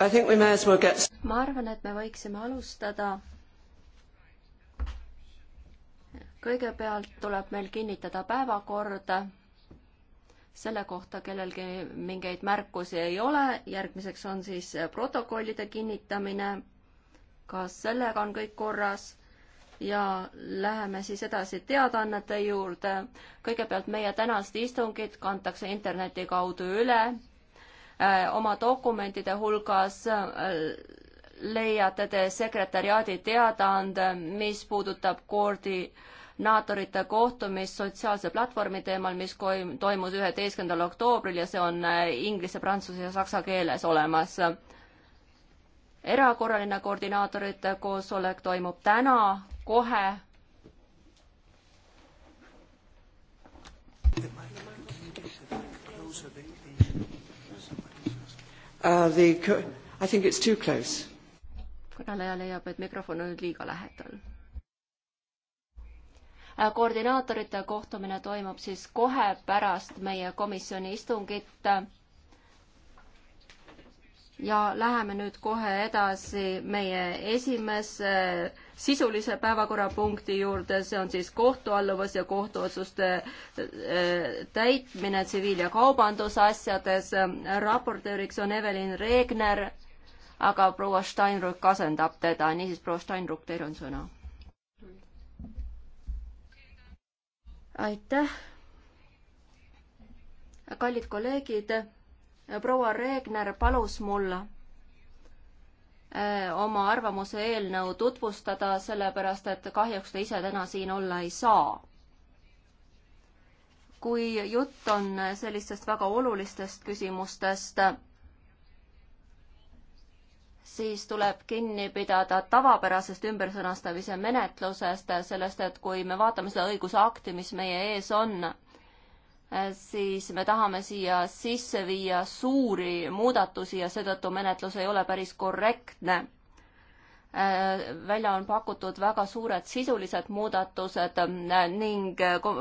Well get... ma arvan, et me võiksime alustada. kõigepealt tuleb meil kinnitada päevakord. selle kohta kellelgi mingeid märkusi ei ole, järgmiseks on siis protokollide kinnitamine. kas sellega on kõik korras? ja läheme siis edasi teadaannete juurde. kõigepealt meie tänast istungit kantakse interneti kaudu üle Äh, oma dokumentide hulgas äh, leiate te sekretäriaadi teadaande, mis puudutab koordinaatorite kohtumist sotsiaalse platvormi teemal, mis toimus üheteistkümnendal oktoobril ja see on äh, inglise, prantsuse ja saksa keeles olemas. erakorraline koordinaatorite koosolek toimub täna kohe. uh, the, I think it's too close. kõneleja leiab, et mikrofon on nüüd liiga lähedal. Uh, koordinaatorite kohtumine toimub siis kohe pärast meie komisjoni istungit ja läheme nüüd kohe edasi meie esimese sisulise päevakorrapunkti juurde, see on siis kohtualluvus ja kohtuotsuste äh, täitmine tsiviil- ja kaubandusasjades. raportööriks on Evelin Regner, aga proua Steinruck asendab teda, niisiis proua Steinruck, teil on sõna. aitäh. kallid kolleegid proua Regner palus mul äh, oma arvamuse eelnõu tutvustada, sellepärast et kahjuks ta ise täna siin olla ei saa. kui jutt on sellistest väga olulistest küsimustest, siis tuleb kinni pidada tavapärasest ümbersõnastamise menetlusest, sellest, et kui me vaatame seda õigusakti, mis meie ees on, Äh, siis me tahame siia sisse viia suuri muudatusi ja seetõttu menetlus ei ole päris korrektne. Äh, välja on pakutud väga suured sisulised muudatused äh, ning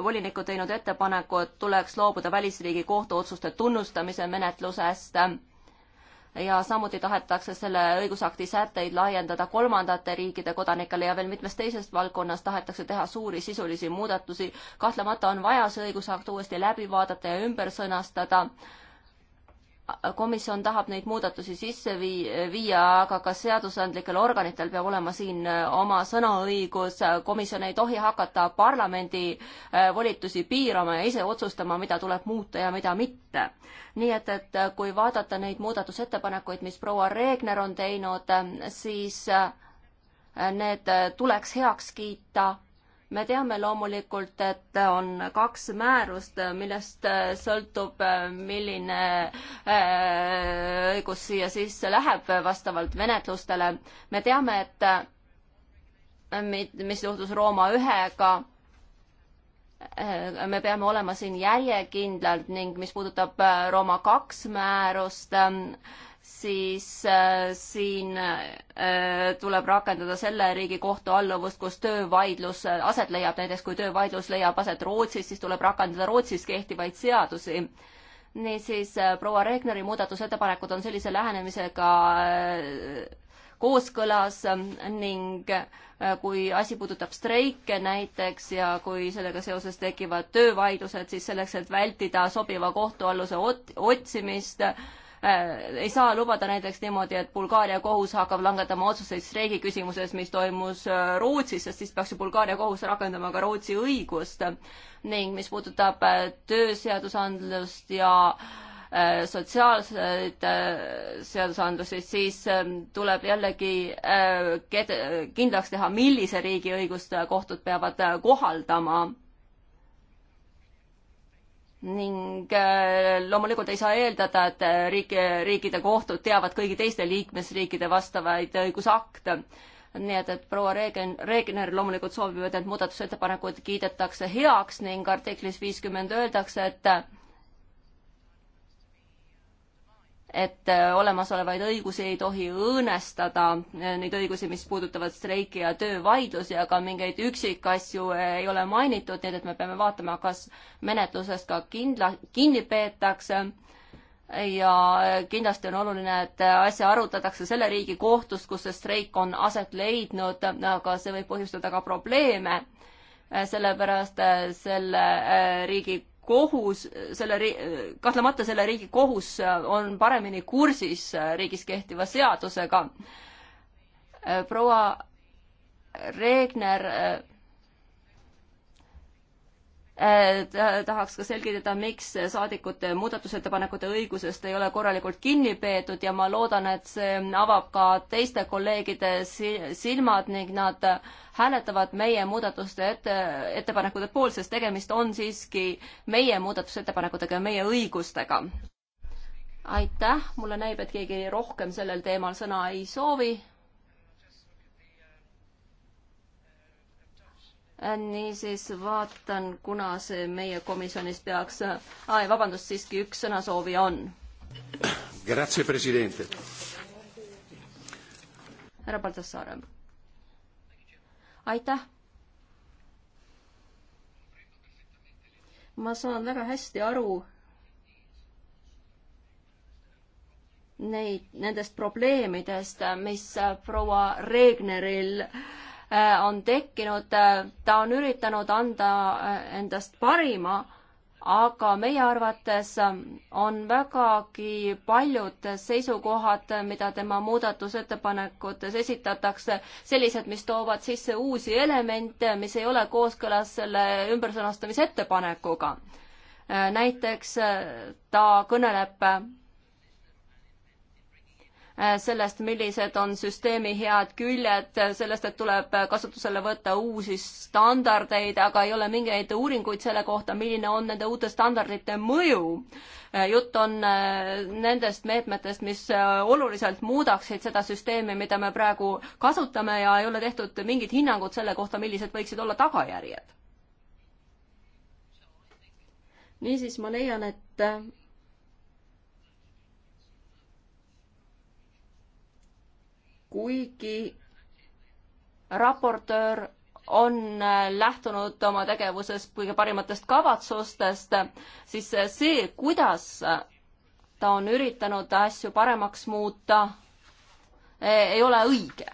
volinikud teinud ettepaneku, et tuleks loobuda välisriigi kohtuotsuste tunnustamise menetlusest ja samuti tahetakse selle õigusakti sätteid laiendada kolmandate riikide kodanikele ja veel mitmes teises valdkonnas tahetakse teha suuri sisulisi muudatusi. kahtlemata on vaja see õigusakt uuesti läbi vaadata ja ümber sõnastada komisjon tahab neid muudatusi sisse vii-, viia, aga ka seadusandlikel organitel peab olema siin äh, oma sõnaõigus, komisjon ei tohi hakata parlamendi äh, volitusi piirama ja ise otsustama, mida tuleb muuta ja mida mitte. nii et, et äh, kui vaadata neid muudatusettepanekuid, mis proua Reegner on teinud, siis need tuleks heaks kiita me teame loomulikult, et on kaks määrust, millest äh, sõltub, äh, milline äh, õigus siia sisse läheb vastavalt menetlustele. me teame, et mis juhtus Rooma ühega, me peame olema siin järjekindlalt ning mis puudutab Rooma kaks määrust, siis äh, siin äh, tuleb rakendada selle riigi kohtu alluvust, kus töövaidlus äh, aset leiab, näiteks kui töövaidlus leiab aset Rootsis, siis tuleb rakendada Rootsis kehtivaid seadusi. niisiis äh, proua Regneri muudatusettepanekud on sellise lähenemisega äh, kooskõlas äh, ning kui asi puudutab streike näiteks ja kui sellega seoses tekivad töövaidlused, siis selleks, et vältida sobiva kohtualluse ot-, otsimist, Äh, ei saa lubada näiteks niimoodi, et Bulgaaria kohus hakkab langetama otsuseid streigi küsimuses, mis toimus äh, Rootsis, sest siis peaks ju Bulgaaria kohus rakendama ka Rootsi õigust. ning mis puudutab äh, tööseadusandlust ja sotsiaalseid seadusandlusi, siis ähm, tuleb jällegi kindlaks teha, millise riigi õigust kohtud peavad kohaldama ning äh, loomulikult ei saa eeldada, et äh, riik, riikide kohtud teavad kõigi teiste liikmesriikide vastavaid õigusakte. nii et, et proua Reegen, Reegner loomulikult soovib, et need muudatusettepanekud kiidetakse heaks ning artiklis viiskümmend öeldakse, et et äh, olemasolevaid õigusi ei tohi õõnestada, äh, neid õigusi, mis puudutavad streiki ja töövaidlusi, aga mingeid üksikasju äh, ei ole mainitud, nii et me peame vaatama, kas menetlusest ka kindla, kinni peetakse ja kindlasti on oluline, et asja arutatakse selle riigi kohtus, kus see streik on aset leidnud, aga see võib põhjustada ka probleeme, sellepärast selle riigi kohus, selle ri-, kahtlemata selle riigi kohus on paremini kursis riigis kehtiva seadusega. proua Regner Äh, tahaks ka selgitada, miks saadikute muudatusettepanekute õigusest ei ole korralikult kinni peetud ja ma loodan, et see avab ka teiste kolleegide silmad ning nad hääletavad meie muudatuste ette, ettepanekute poolt, sest tegemist on siiski meie muudatusettepanekutega ja meie õigustega. aitäh, mulle näib, et keegi rohkem sellel teemal sõna ei soovi Äh, niisiis vaatan, kuna see meie komisjonis peaks ah,, vabandust, siiski üks sõnasoovi on. Grazie, president. härra Baltasaare. aitäh. ma saan väga hästi aru neid, nendest probleemidest, mis proua Regneril äh, Äh, on tekkinud, äh, ta on üritanud anda äh, endast parima, aga meie arvates on vägagi paljud seisukohad, mida tema muudatusettepanekutes esitatakse, sellised, mis toovad sisse uusi elemente, mis ei ole kooskõlas selle ümbersõnastamise ettepanekuga. näiteks ta kõneleb Äh, sellest, millised on süsteemi head küljed, äh, sellest, et tuleb äh, kasutusele võtta uusi standardeid, aga ei ole mingeid uuringuid selle kohta, milline on nende uute standardite mõju. jutt on nendest meetmetest, mis oluliselt muudaksid seda süsteemi, mida me praegu kasutame ja ei ole tehtud mingit hinnangut selle kohta, millised võiksid olla tagajärjed. niisiis, ma leian, et kuigi raportöör on äh, lähtunud oma tegevuses kõige parimatest kavatsustest, siis äh, see, kuidas äh, ta on üritanud asju paremaks muuta, ei ole õige.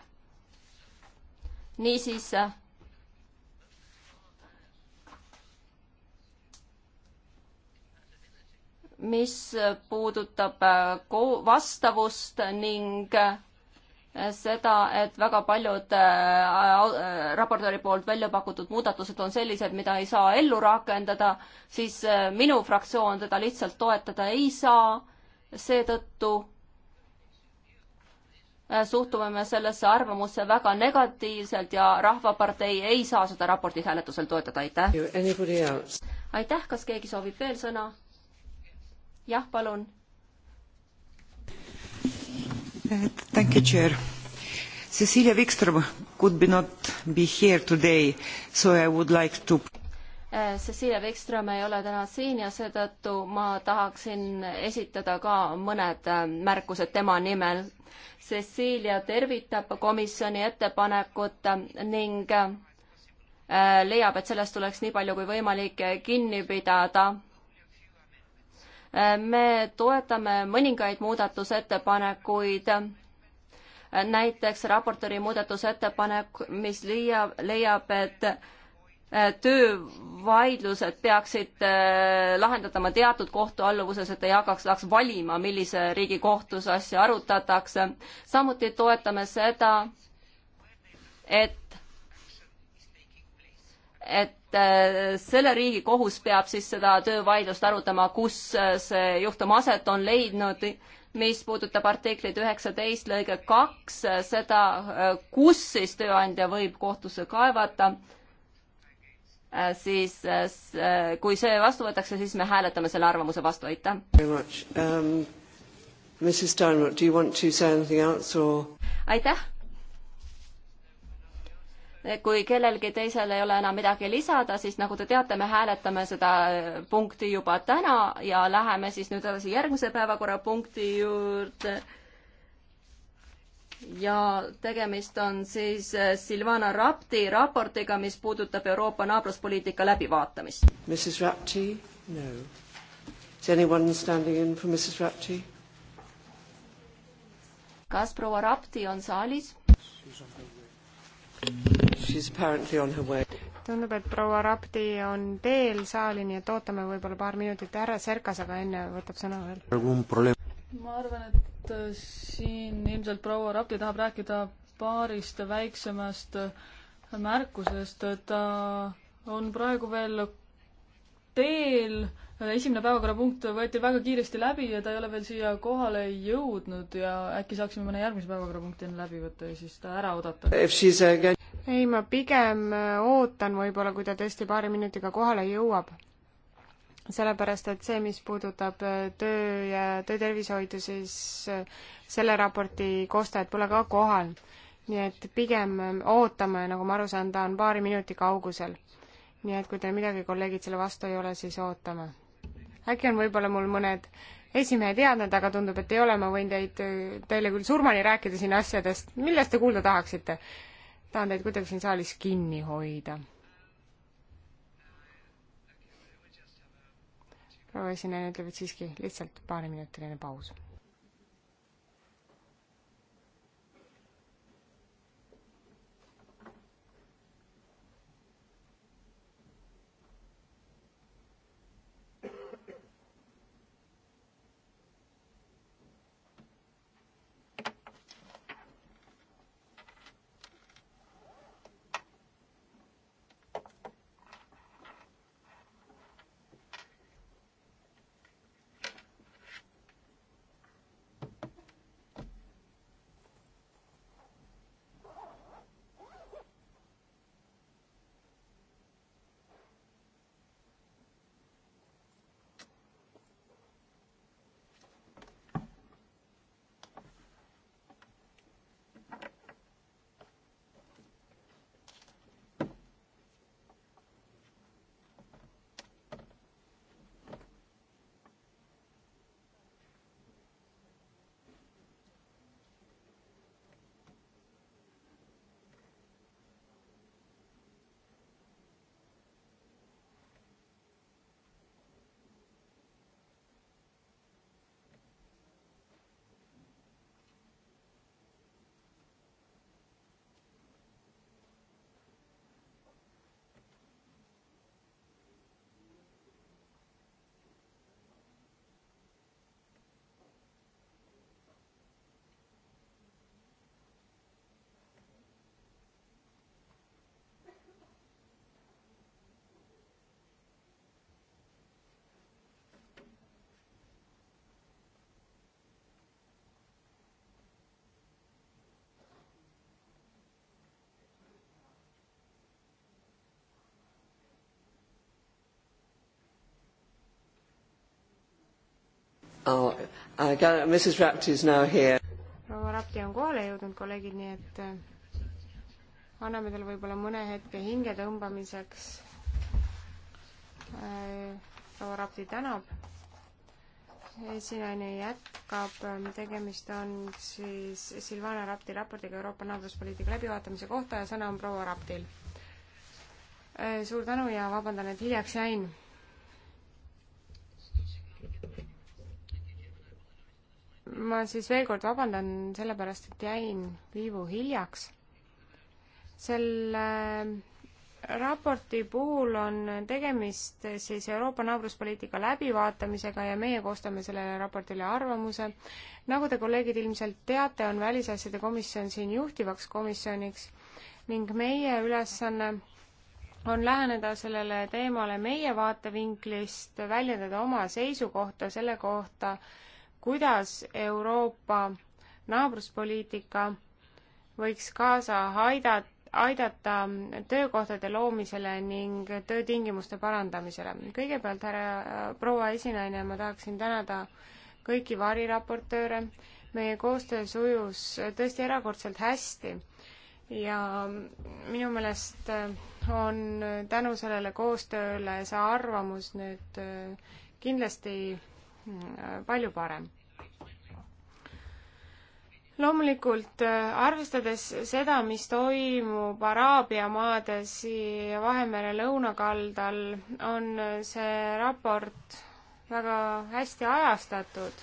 niisiis mis puudutab vastavust ning seda, et väga paljud äh, äh, raportööri poolt välja pakutud muudatused on sellised, mida ei saa ellu rakendada, siis äh, minu fraktsioon teda lihtsalt toetada ei saa. seetõttu suhtume me sellesse arvamusse väga negatiivselt ja Rahvapartei ei saa seda raportit hääletusel toetada, aitäh. aitäh, kas keegi soovib veel sõna? jah, palun Thank you, Chair. Cecilia Wikström could be not be here today, so I would like to eh, Cecilia Wikström ei ole täna siin ja seetõttu ma tahaksin esitada ka mõned eh, märkused tema nimel. Cecilia tervitab komisjoni ettepanekut ning eh, leiab, et sellest tuleks nii palju kui võimalik kinni pidada me toetame mõningaid muudatusettepanekuid, näiteks raportööri muudatusettepanek, mis leiab, leiab, et töövaidlused peaksid äh, lahendatama teatud kohtualluvuses, et ei hakataks valima, millise riigi kohtus asja arutatakse. samuti toetame seda, et et äh, selle riigi kohus peab siis seda töövaidlust arutama, kus äh, see juhtum aset on leidnud, mis puudutab artiklit üheksateist lõige kaks, äh, seda, kus siis tööandja võib kohtusse kaevata, siis kui see vastu võetakse, siis me hääletame selle arvamuse vastu, aitäh. Um, Mrs Steinruck, do you want to say anything else or? aitäh kui kellelgi teisel ei ole enam midagi lisada, siis nagu te teate, me hääletame seda punkti juba täna ja läheme siis nüüd edasi järgmise päevakorrapunkti juurde. ja tegemist on siis eh, Silvana Rapti raportiga, mis puudutab Euroopa naabruspoliitika läbivaatamist. Mrs Rapti, no. Is anyone standing in for Mrs Rapti? kas proua Rapti on saalis? She's apparently on her way. tundub, et proua Rapti on teel saali, nii et ootame võib-olla paar minutit ära, Serkas aga enne võtab sõna veel. ma arvan, et äh, siin ilmselt proua Rapti tahab rääkida paarist väiksemast äh, märkusest, ta on praegu veel teel, esimene päevakorrapunkt võeti väga kiiresti läbi ja ta ei ole veel siia kohale jõudnud ja äkki saaksime mõne järgmise päevakorrapunkti enne läbi võtta ja siis ta ära oodata ei, ma pigem äh, ootan võib-olla, kui ta tõesti paari minutiga kohale jõuab. sellepärast, et see, mis puudutab äh, töö ja töötervishoidu, siis äh, selle raporti koostajad pole ka kohal. nii et pigem ootame, nagu ma aru saan, ta on paari minuti kaugusel. nii et kui teil midagi, kolleegid, selle vastu ei ole, siis ootame. äkki on võib-olla mul mõned esimehe teadmed, aga tundub, et ei ole, ma võin teid, teile küll surmani rääkida siin asjadest, millest te kuulda tahaksite tahan teid kuidagi siin saalis kinni hoida. proua esineja ütleb, et siiski lihtsalt paarimiminutiline paus Oh, I got, Mrs. Rapti is now here. proua Rapti on kohale jõudnud, kolleegid, nii et äh, anname talle võib-olla mõne hetke hingetõmbamiseks. Äh, proua Rapti tänab. esinaine jätkab, tegemist on siis Silvana Rapti raportiga Euroopa naabruspoliitika läbivaatamise kohta ja sõna on proua Raptil. Äh, suur tänu ja vabandan, et hiljaks jäin ma siis veel kord vabandan selle pärast, et jäin viivu hiljaks. selle äh, raporti puhul on tegemist siis Euroopa naabruspoliitika läbivaatamisega ja meie koostame sellele raportile arvamuse. nagu te, kolleegid, ilmselt teate, on Välisasjade komisjon siin juhtivaks komisjoniks ning meie ülesanne on läheneda sellele teemale meie vaatevinklist, väljendada oma seisukohta selle kohta, kuidas Euroopa naabruspoliitika võiks kaasa aidata aidata töökohtade loomisele ning töötingimuste parandamisele. kõigepealt, härra proua esinaine, ma tahaksin tänada kõiki variraportööre, meie koostöö sujus tõesti erakordselt hästi ja minu meelest on tänu sellele koostööle see arvamus nüüd kindlasti palju parem loomulikult äh, arvestades seda, mis toimub Araabia maades ja Vahemere lõunakaldal, on see raport väga hästi ajastatud.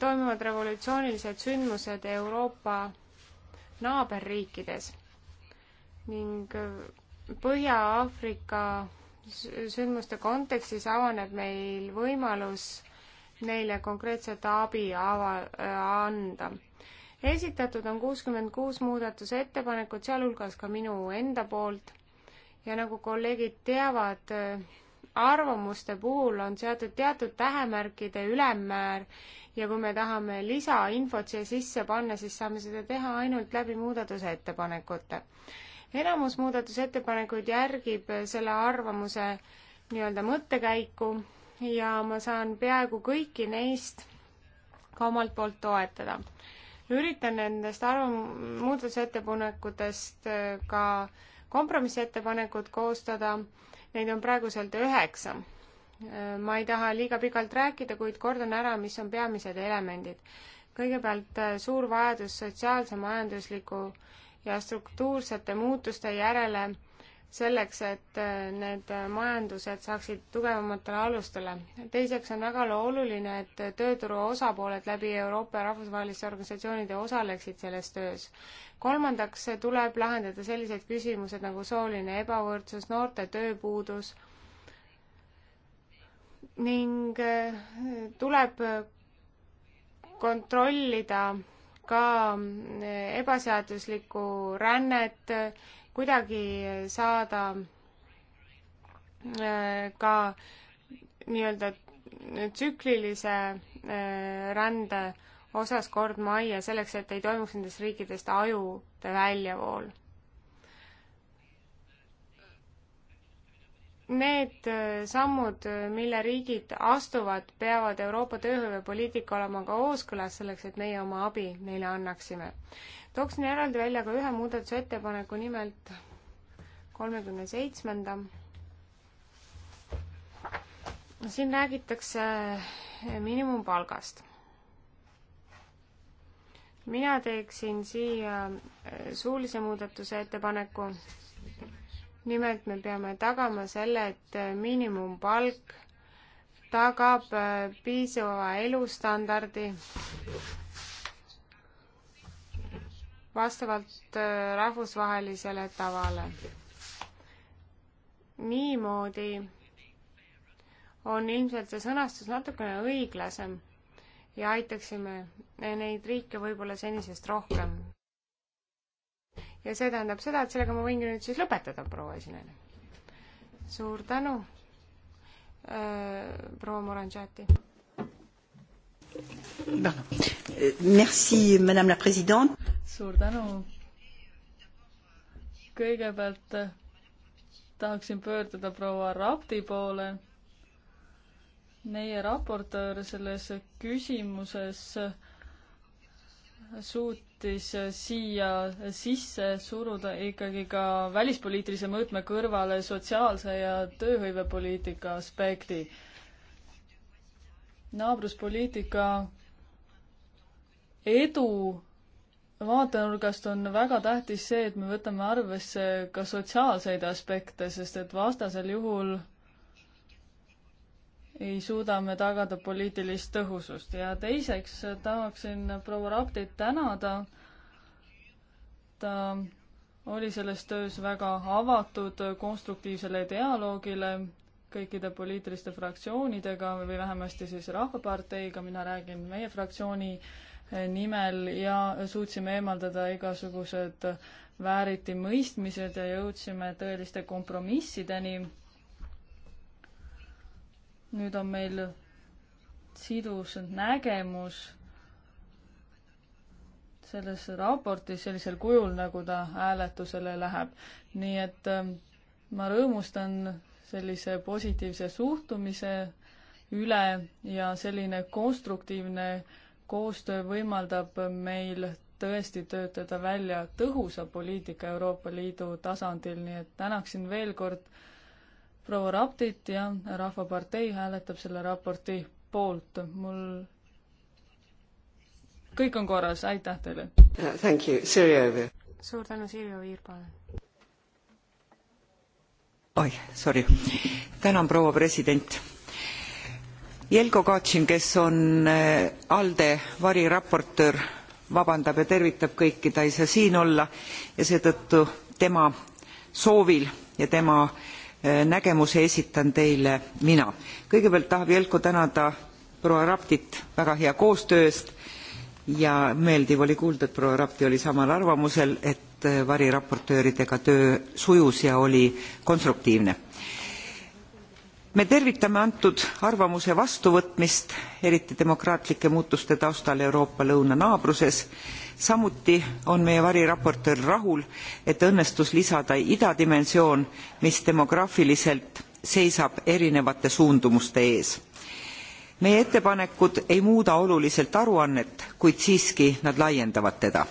toimuvad revolutsioonilised sündmused Euroopa naaberriikides ning Põhja-Aafrika sündmuste kontekstis avaneb meil võimalus neile konkreetset abi ava-, anda. esitatud on kuuskümmend kuus muudatusettepanekut, sealhulgas ka minu enda poolt ja nagu kolleegid teavad, arvamuste puhul on seatud teatud tähemärkide ülemmäär ja kui me tahame lisainfot siia sisse panna, siis saame seda teha ainult läbi muudatusettepanekute enamus muudatusettepanekuid järgib selle arvamuse nii-öelda mõttekäiku ja ma saan peaaegu kõiki neist ka omalt poolt toetada. üritan nendest arvam-, muudatusettepanekutest äh, ka kompromissettepanekud koostada, neid on praeguselt üheksa. Äh, ma ei taha liiga pikalt rääkida, kuid kordan ära, mis on peamised elemendid. kõigepealt äh, suur vajadus sotsiaalse majandusliku ja struktuursete muutuste järele selleks, et äh, need majandused saaksid tugevamatele alustele. teiseks on väga oluline, et tööturu osapooled läbi Euroopa ja rahvusvaheliste organisatsioonide osaleksid selles töös. kolmandaks tuleb lahendada sellised küsimused nagu sooline ebavõrdsus, noorte tööpuudus ning äh, tuleb kontrollida ka ebaseaduslikku rännet, kuidagi saada äh, ka nii-öelda tsüklilise äh, rände osas kord majja, selleks et ei toimuks nendest riikidest ajude väljavool need äh, sammud, äh, mille riigid astuvad, peavad Euroopa tööhõivepoliitika olema ka kooskõlas selleks, et meie oma abi neile annaksime. tooksin eraldi välja ka ühe muudatusettepaneku, nimelt kolmekümne seitsmenda. siin räägitakse äh, miinimumpalgast mina teeksin siia suulise muudatuse ettepaneku nimelt me peame tagama selle, et miinimumpalk tagab äh, piisava elustandardi vastavalt äh, rahvusvahelisele tavale. niimoodi on ilmselt see sõnastus natukene õiglasem ja aitaksime neid riike võib-olla senisest rohkem ja see tähendab seda, et sellega ma võingi nüüd siis lõpetada, proua esineja. suur tänu, äh, proua Morandžati. Euh, merci, madame la president. suur tänu. kõigepealt äh, tahaksin pöörduda proua Rapti poole. meie raportöör selles küsimuses äh, suut-, tähtis siia sisse suruda ikkagi ka välispoliitilise mõõtme kõrvale sotsiaalse ja tööhõivepoliitika aspekti. naabruspoliitika edu vaatenurgast on väga tähtis see, et me võtame arvesse ka sotsiaalseid aspekte, sest et vastasel juhul ei suuda me tagada poliitilist tõhusust ja teiseks tahaksin proua Raptit tänada. ta oli selles töös väga avatud konstruktiivsele dialoogile kõikide poliitiliste fraktsioonidega või vähemasti siis Rahvaparteiga, mina räägin meie fraktsiooni nimel ja suutsime eemaldada igasugused vääritimõistmised ja jõudsime tõeliste kompromissideni nüüd on meil sidus nägemus selles raportis sellisel kujul, nagu ta hääletusele läheb. nii et ähm, ma rõõmustan sellise positiivse suhtumise üle ja selline konstruktiivne koostöö võimaldab meil tõesti töötada välja tõhusa poliitika Euroopa Liidu tasandil, nii et tänaksin veel kord äh, proua Raptit ja Rahvapartei hääletab selle raporti poolt. mul kõik on korras, aitäh teile uh,! Thank you, Sirje Oviir. suur tänu, Sirje Oviir, palun! oih, sorry. tänan, proua president! Jelko Katšin, kes on äh, ALDE variraportöör, vabandab ja tervitab kõiki, ta ei saa siin olla ja seetõttu tema soovil ja tema äh, Eh, nägemuse esitan teile mina. kõigepealt tahab jelko tänada proua raptit väga hea koostöö eest ja meeldiv oli kuulda et proua rapti oli samal arvamusel et eh, variraportööridega töö sujus ja oli konstruktiivne me tervitame antud arvamuse vastuvõtmist eriti demokraatlike muutuste taustal euroopa lõunanaabruses samuti on meie variraportöör rahul et õnnestus lisada idadimensioon mis demograafiliselt seisab erinevate suundumuste ees. meie ettepanekud ei muuda oluliselt aruannet kuid siiski nad laiendavad teda.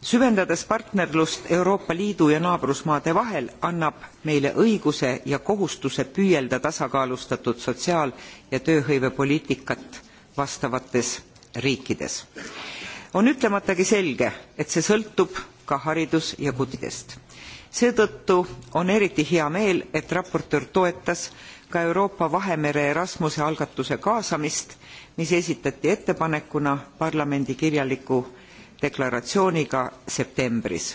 süvendades partnerlust euroopa liidu ja naabrusmaade vahel annab meile õiguse ja kohustuse püüelda tasakaalustatud sotsiaal ja tööhõivepoliitikat vastavates riikides on ütlematagi selge et see sõltub ka haridus ja kutidest. seetõttu on eriti hea meel et raportöör toetas ka euroopa vahemere erasmuse algatuse kaasamist mis esitati ettepanekuna parlamendi kirjaliku deklaratsiooniga septembris.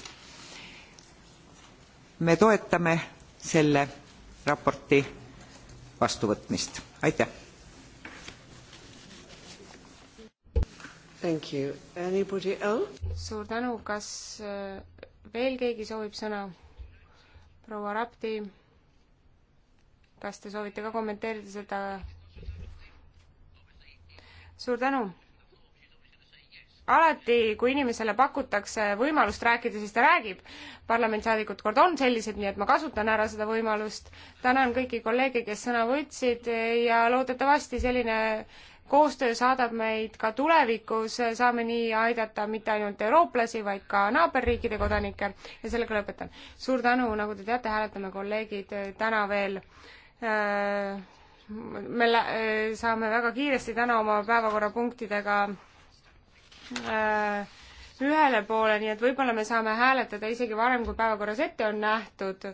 me toetame selle raporti vastuvõtmist. aitäh! Thank you. Anybody else? suur tänu, kas äh, veel keegi soovib sõna? proua Rapti, kas te soovite ka kommenteerida seda? suur tänu. alati, kui inimesele pakutakse võimalust rääkida, siis ta räägib. parlamendisaadikud kord on sellised, nii et ma kasutan ära seda võimalust. tänan kõiki kolleege, kes sõna võtsid ja loodetavasti selline koostöö saadab meid ka tulevikus, saame nii aidata mitte ainult eurooplasi, vaid ka naaberriikide kodanikke ja sellega lõpetan. suur tänu, nagu te teate, hääletame kolleegid täna veel me saame väga kiiresti täna oma päevakorrapunktidega ühele poole, nii et võib-olla me saame hääletada isegi varem, kui päevakorras ette on nähtud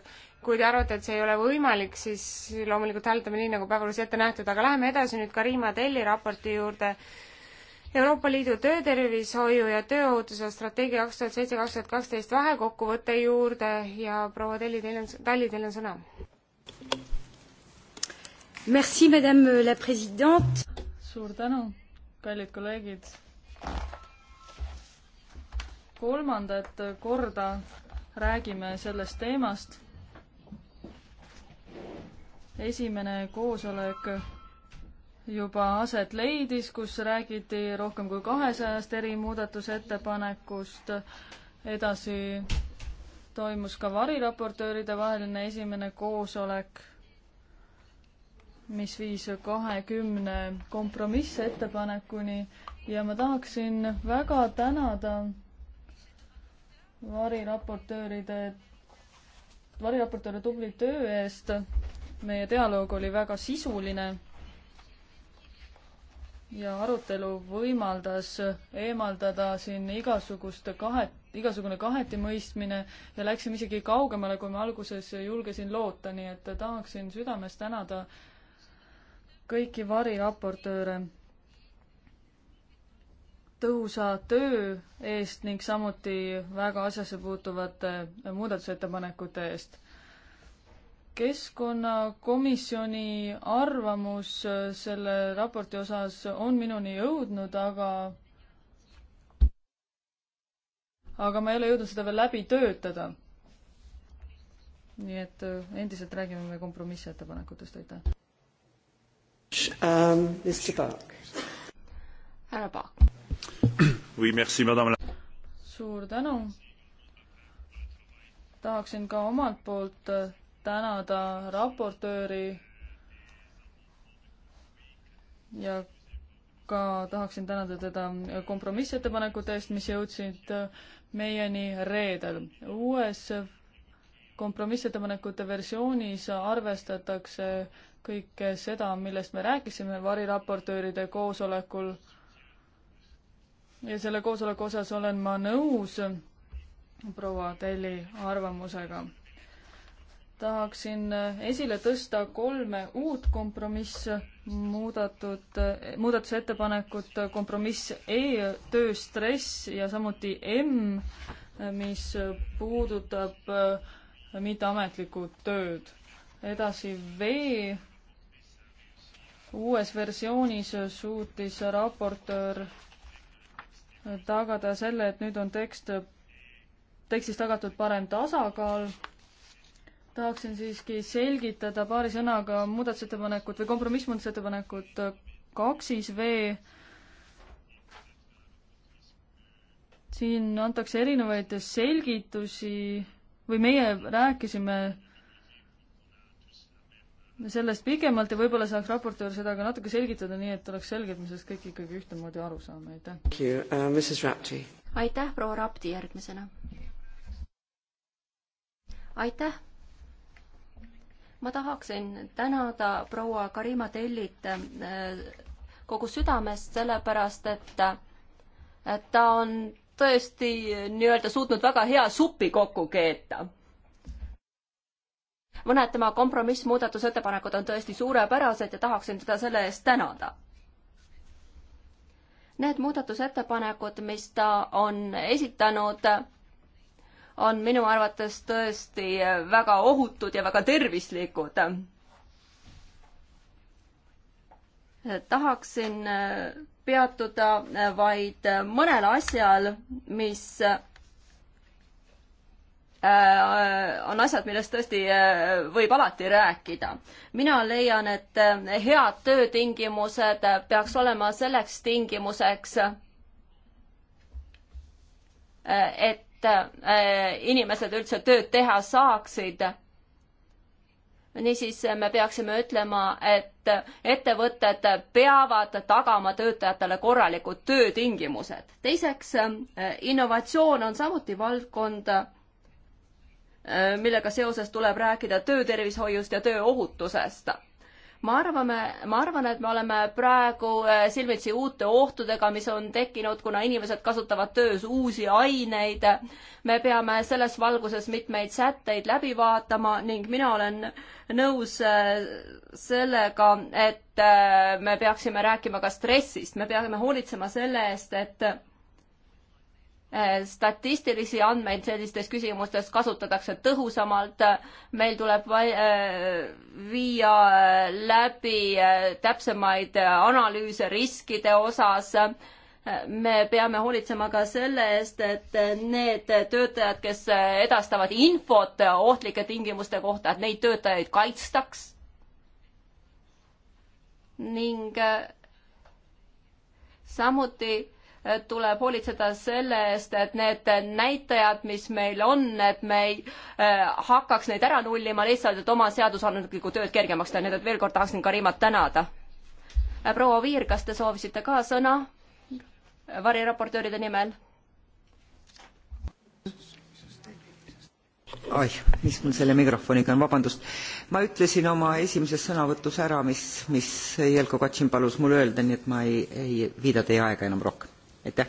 kui te arvate, et see ei ole võimalik, siis loomulikult hääletame nii, nagu päevakorras ette nähtud, aga läheme edasi nüüd Karima Telli raporti juurde. Euroopa Liidu töötervishoiu ja tööohutuse strateegia kaks tuhat seitse, kaks tuhat kaksteist vahekokkuvõtte juurde ja proua Telli, teil on, Talli, teil on sõna. Merci, madame la president. suur tänu, kallid kolleegid. kolmandat korda räägime sellest teemast esimene koosolek juba aset leidis, kus räägiti rohkem kui kahesajast eri muudatusettepanekust. edasi toimus ka variraportööride vaheline esimene koosolek, mis viis kahekümne kompromissettepanekuni ja ma tahaksin väga tänada variraportööride, variraportööri tubli töö eest meie dialoog oli väga sisuline ja arutelu võimaldas eemaldada siin igasugust kahet, igasugune kahetimõistmine ja läksime isegi kaugemale, kui ma alguses julgesin loota, nii et tahaksin südames tänada kõiki variraportööre tõhusa töö eest ning samuti väga asjasse puutuvate muudatusettepanekute eest keskkonnakomisjoni arvamus äh, selle raporti osas on minuni jõudnud, aga aga ma ei ole jõudnud seda veel läbi töötada. nii et äh, endiselt räägime me kompromissettepanekutest, aitäh um,. härra Paak. Oui, merci, madame. suur tänu. tahaksin ka omalt poolt äh, tänada raportööri ja ka tahaksin tänada teda kompromissettepanekute eest, mis jõudsid meieni reedel. uues kompromissettepanekute versioonis arvestatakse kõike seda, millest me rääkisime variraportööride koosolekul. ja selle koosoleku osas olen ma nõus proua Telli arvamusega tahaksin esile tõsta kolme uut kompromissmuudatud, muudatusettepanekut, kompromiss E, tööstress ja samuti M, mis puudutab äh, mitteametlikku tööd. edasi V, uues versioonis suutis raportöör tagada selle, et nüüd on tekst, tekstis tagatud parem tasakaal tahaksin siiski selgitada paari sõnaga muudatusettepanekut või kompromissmuudatusettepanekut kaksis V. siin antakse erinevaid selgitusi või meie rääkisime sellest pikemalt ja võib-olla saaks raportöör seda ka natuke selgitada, nii et oleks selge, et me sellest kõik ikkagi ühtemoodi aru saame, aitäh. Uh, aitäh, proua Rapti järgmisena. aitäh ma tahaksin tänada proua Karima Tellit äh, kogu südamest, sellepärast et, et ta on tõesti nii-öelda suutnud väga hea supi kokku keeta. mõned tema kompromissmuudatusettepanekud on tõesti suurepärased ja tahaksin teda selle eest tänada. Need muudatusettepanekud, mis ta on esitanud, on minu arvates tõesti väga ohutud ja väga tervislikud. tahaksin peatuda vaid mõnel asjal, mis äh, on asjad, millest tõesti äh, võib alati rääkida. mina leian, et äh, head töötingimused peaks olema selleks tingimuseks, et et äh, inimesed üldse tööd teha saaksid. niisiis me peaksime ütlema, et ettevõtted peavad tagama töötajatele korralikud töötingimused. teiseks, äh, innovatsioon on samuti valdkond, äh, millega seoses tuleb rääkida töötervishoiust ja tööohutusest ma arvame, ma arvan, et me oleme praegu äh, silmitsi uute ohtudega, mis on tekkinud, kuna inimesed kasutavad töös uusi aineid. me peame selles valguses mitmeid sätteid läbi vaatama ning mina olen nõus äh, sellega, et äh, me peaksime rääkima ka stressist, me peame hoolitsema selle eest, et Eh, statistilisi andmeid sellistes küsimustes kasutatakse tõhusamalt, meil tuleb eh, viia läbi eh, täpsemaid analüüse riskide osas, me peame hoolitsema ka selle eest, et need töötajad, kes edastavad infot ohtlike tingimuste kohta, et neid töötajaid kaitstaks ning samuti tuleb hoolitseda selle eest, et need näitajad, mis meil on, et me ei äh, hakkaks neid ära nullima lihtsalt, et oma seadusandlikku tööd kergemaks teha, nii et veel kord tahaksin Karimat tänada. Äh, proua Viir, kas te soovisite ka sõna variraportööride nimel? oih, mis mul selle mikrofoniga on, vabandust. ma ütlesin oma esimeses sõnavõtus ära, mis, mis Jelko Katšin palus mul öelda, nii et ma ei, ei viida teie aega enam rohkem aitäh.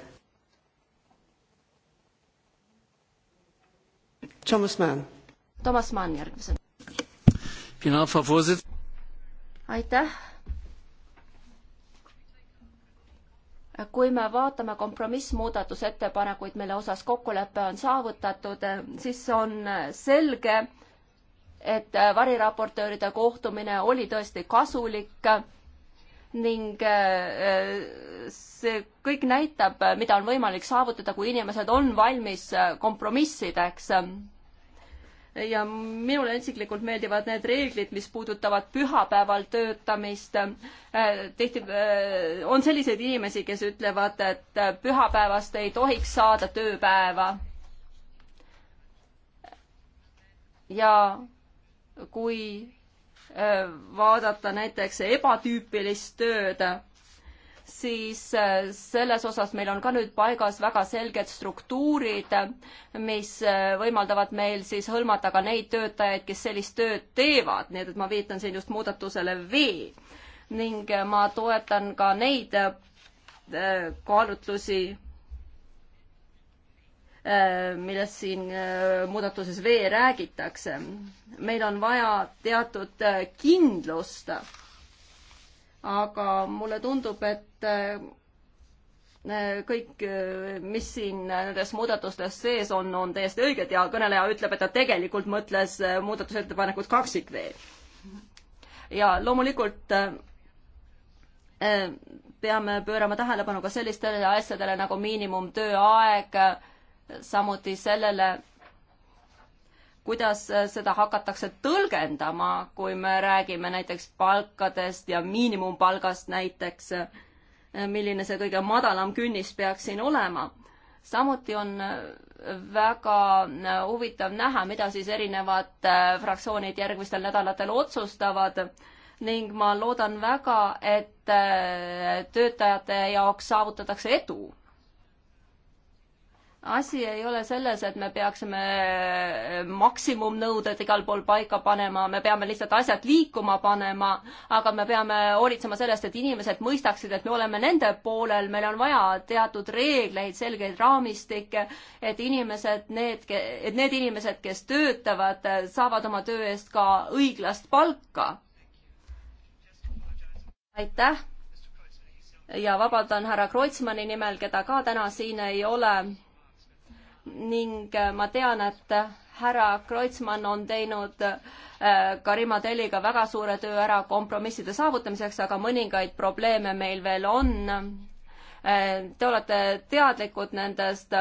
Thomas Mann. Thomas Mann järgmisena. aitäh. kui me vaatame kompromissmuudatusettepanekuid, mille osas kokkulepe on saavutatud, siis on selge, et variraportööride kohtumine oli tõesti kasulik ning äh, äh, see kõik näitab, äh, mida on võimalik saavutada, kui inimesed on valmis kompromissideks. ja minule isiklikult meeldivad need reeglid, mis puudutavad pühapäeval töötamist. tihti on selliseid inimesi, kes ütlevad, et pühapäevast ei tohiks saada tööpäeva. ja kui Äh, vaadata näiteks ebatüüpilist tööd, siis äh, selles osas meil on ka nüüd paigas väga selged struktuurid, mis äh, võimaldavad meil siis hõlmata ka neid töötajaid, kes sellist tööd teevad, nii et, et ma viitan siin just muudatusele V ning ma toetan ka neid kaalutlusi, Äh, millest siin äh, muudatuses V räägitakse. meil on vaja teatud äh, kindlust. aga mulle tundub, et kõik, mis siin nendes muudatustes sees on, on täiesti õiged ja kõneleja ütleb, et ta tegelikult mõtles muudatusettepanekut kaksik V. ja loomulikult peame pöörama tähelepanu ka sellistele asjadele nagu miinimumtööaeg, samuti sellele, kuidas seda hakatakse tõlgendama, kui me räägime näiteks palkadest ja miinimumpalgast näiteks, milline see kõige madalam künnis peaks siin olema. samuti on väga huvitav näha, mida siis erinevad äh, fraktsioonid järgmistel nädalatel otsustavad ning ma loodan väga, et äh, töötajate jaoks saavutatakse edu asi ei ole selles, et me peaksime eh, maksimumnõuded igal pool paika panema, me peame lihtsalt asjad liikuma panema, aga me peame hoolitsema sellest, et inimesed mõistaksid, et me oleme nende poolel, meil on vaja teatud reegleid, selgeid raamistikke, et inimesed, need, et need inimesed, kes töötavad, eh, saavad oma töö eest ka õiglast palka. aitäh ja vabandan härra Kreutzmanni nimel, keda ka täna siin ei ole ning äh, ma tean, et härra Kreutzmann on teinud äh, Karima Telliga väga suure töö ära kompromisside saavutamiseks, aga mõningaid probleeme meil veel on. Äh, te olete teadlikud nendest,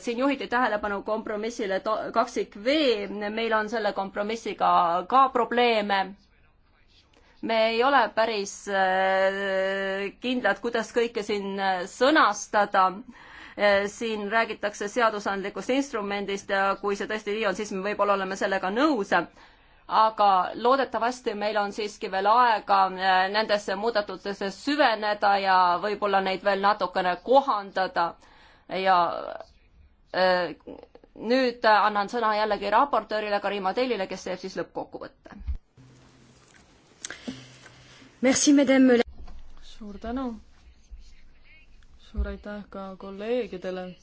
siin juhiti tähelepanu kompromissile kaksik V, meil on selle kompromissiga ka probleeme me ei ole päris äh, kindlad, kuidas kõike siin äh, sõnastada. Äh, siin räägitakse seadusandlikust instrumendist ja kui see tõesti nii on, siis me võib-olla oleme sellega nõus aga loodetavasti meil on siiski veel aega nendesse muudatustesse süveneda ja võib-olla neid veel natukene kohandada ja nüüd annan sõna jällegi raportöörile Karima Tellile, kes teeb siis lõppkokkuvõtte suur tänu. suur aitäh ka kolleegidele.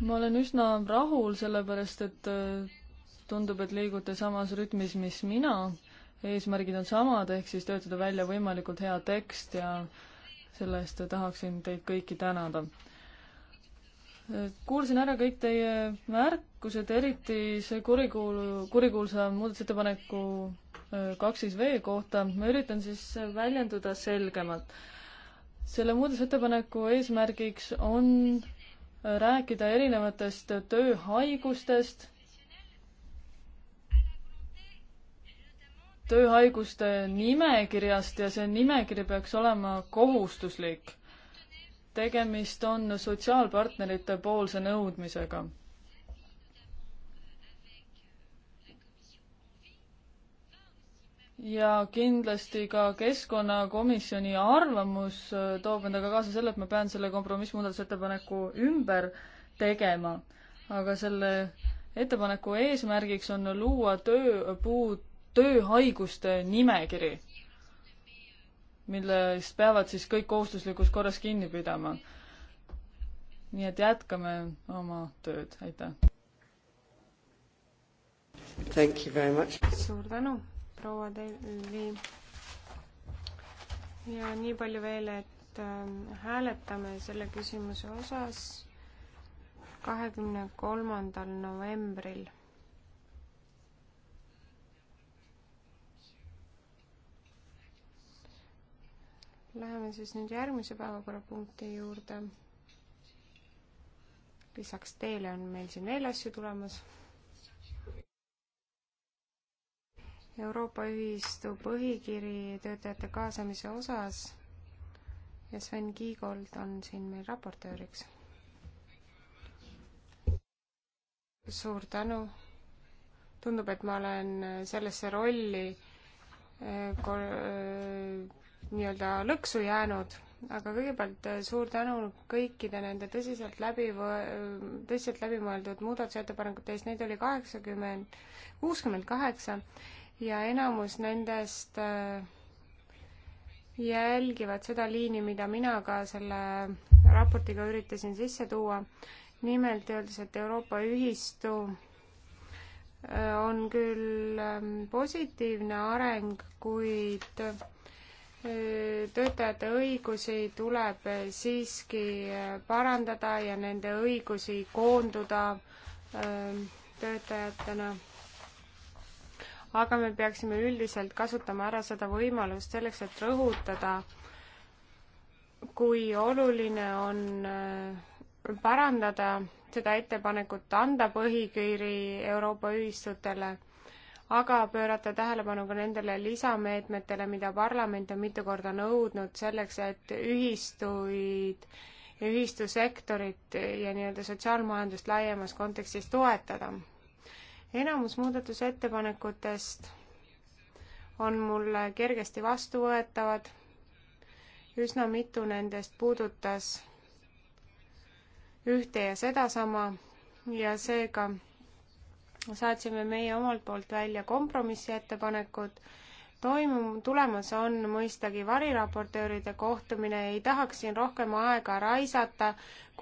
ma olen üsna rahul, sellepärast et äh, tundub, et liigute samas rütmis, mis mina. eesmärgid on samad, ehk siis töötada välja võimalikult hea tekst ja selle eest tahaksin teid kõiki tänada kuulsin ära kõik teie märkused, eriti see kurikuulu, kurikuulsa muudatusettepaneku kaksis V kohta, ma üritan siis väljenduda selgemalt. selle muudatusettepaneku eesmärgiks on rääkida erinevatest tööhaigustest, tööhaiguste nimekirjast ja see nimekiri peaks olema kohustuslik. tegemist on sotsiaalpartnerite poolse nõudmisega ja kindlasti ka Keskkonnakomisjoni arvamus äh, toob endaga kaasa selle, et ma pean selle kompromissmuudatusettepaneku ümber tegema. aga selle ettepaneku eesmärgiks on luua tööpuu, tööhaiguste nimekiri, millest peavad siis kõik kohustuslikus korras kinni pidama. nii et jätkame oma tööd, aitäh! suur tänu! proua Deli. ja nii palju veel, et ähm, hääletame selle küsimuse osas kahekümne kolmandal novembril. Läheme siis nüüd järgmise päevakorrapunkti juurde lisaks teile on meil siin veel asju tulemas Euroopa Ühistu põhikiri töötajate kaasamise osas ja Sven Kiigold on siin meil raportööriks. suur tänu. tundub, et ma olen sellesse rolli eh, eh, nii-öelda lõksu jäänud, aga kõigepealt eh, suur tänu kõikide nende tõsiselt läbi, tõsiselt läbimõeldud muudatusettepanekute eest, neid oli kaheksakümmend, kuuskümmend kaheksa ja enamus nendest äh, jälgivad seda liini, mida mina ka selle raportiga üritasin sisse tuua. nimelt öeldes, et Euroopa ühistu äh, on küll ähm, positiivne areng, kuid äh, töötajate õigusi tuleb siiski parandada ja nende õigusi koonduda töötajatena aga me peaksime üldiselt kasutama ära seda võimalust selleks, et rõhutada, kui oluline on äh, parandada seda ettepanekut, anda põhikiri Euroopa ühistutele, aga pöörata tähelepanu ka nendele lisameetmetele, mida parlament on mitu korda nõudnud selleks, et ühistuid ja ühistusektorit ja nii-öelda sotsiaalmajandust laiemas kontekstis toetada enamus muudatusettepanekutest on mulle kergesti vastuvõetavad, üsna mitu nendest puudutas ühte ja sedasama ja seega saatsime meie omalt poolt välja kompromissettepanekud. toimum-, tulemas on mõistagi variraportööride kohtumine, ei tahaks siin rohkem aega raisata,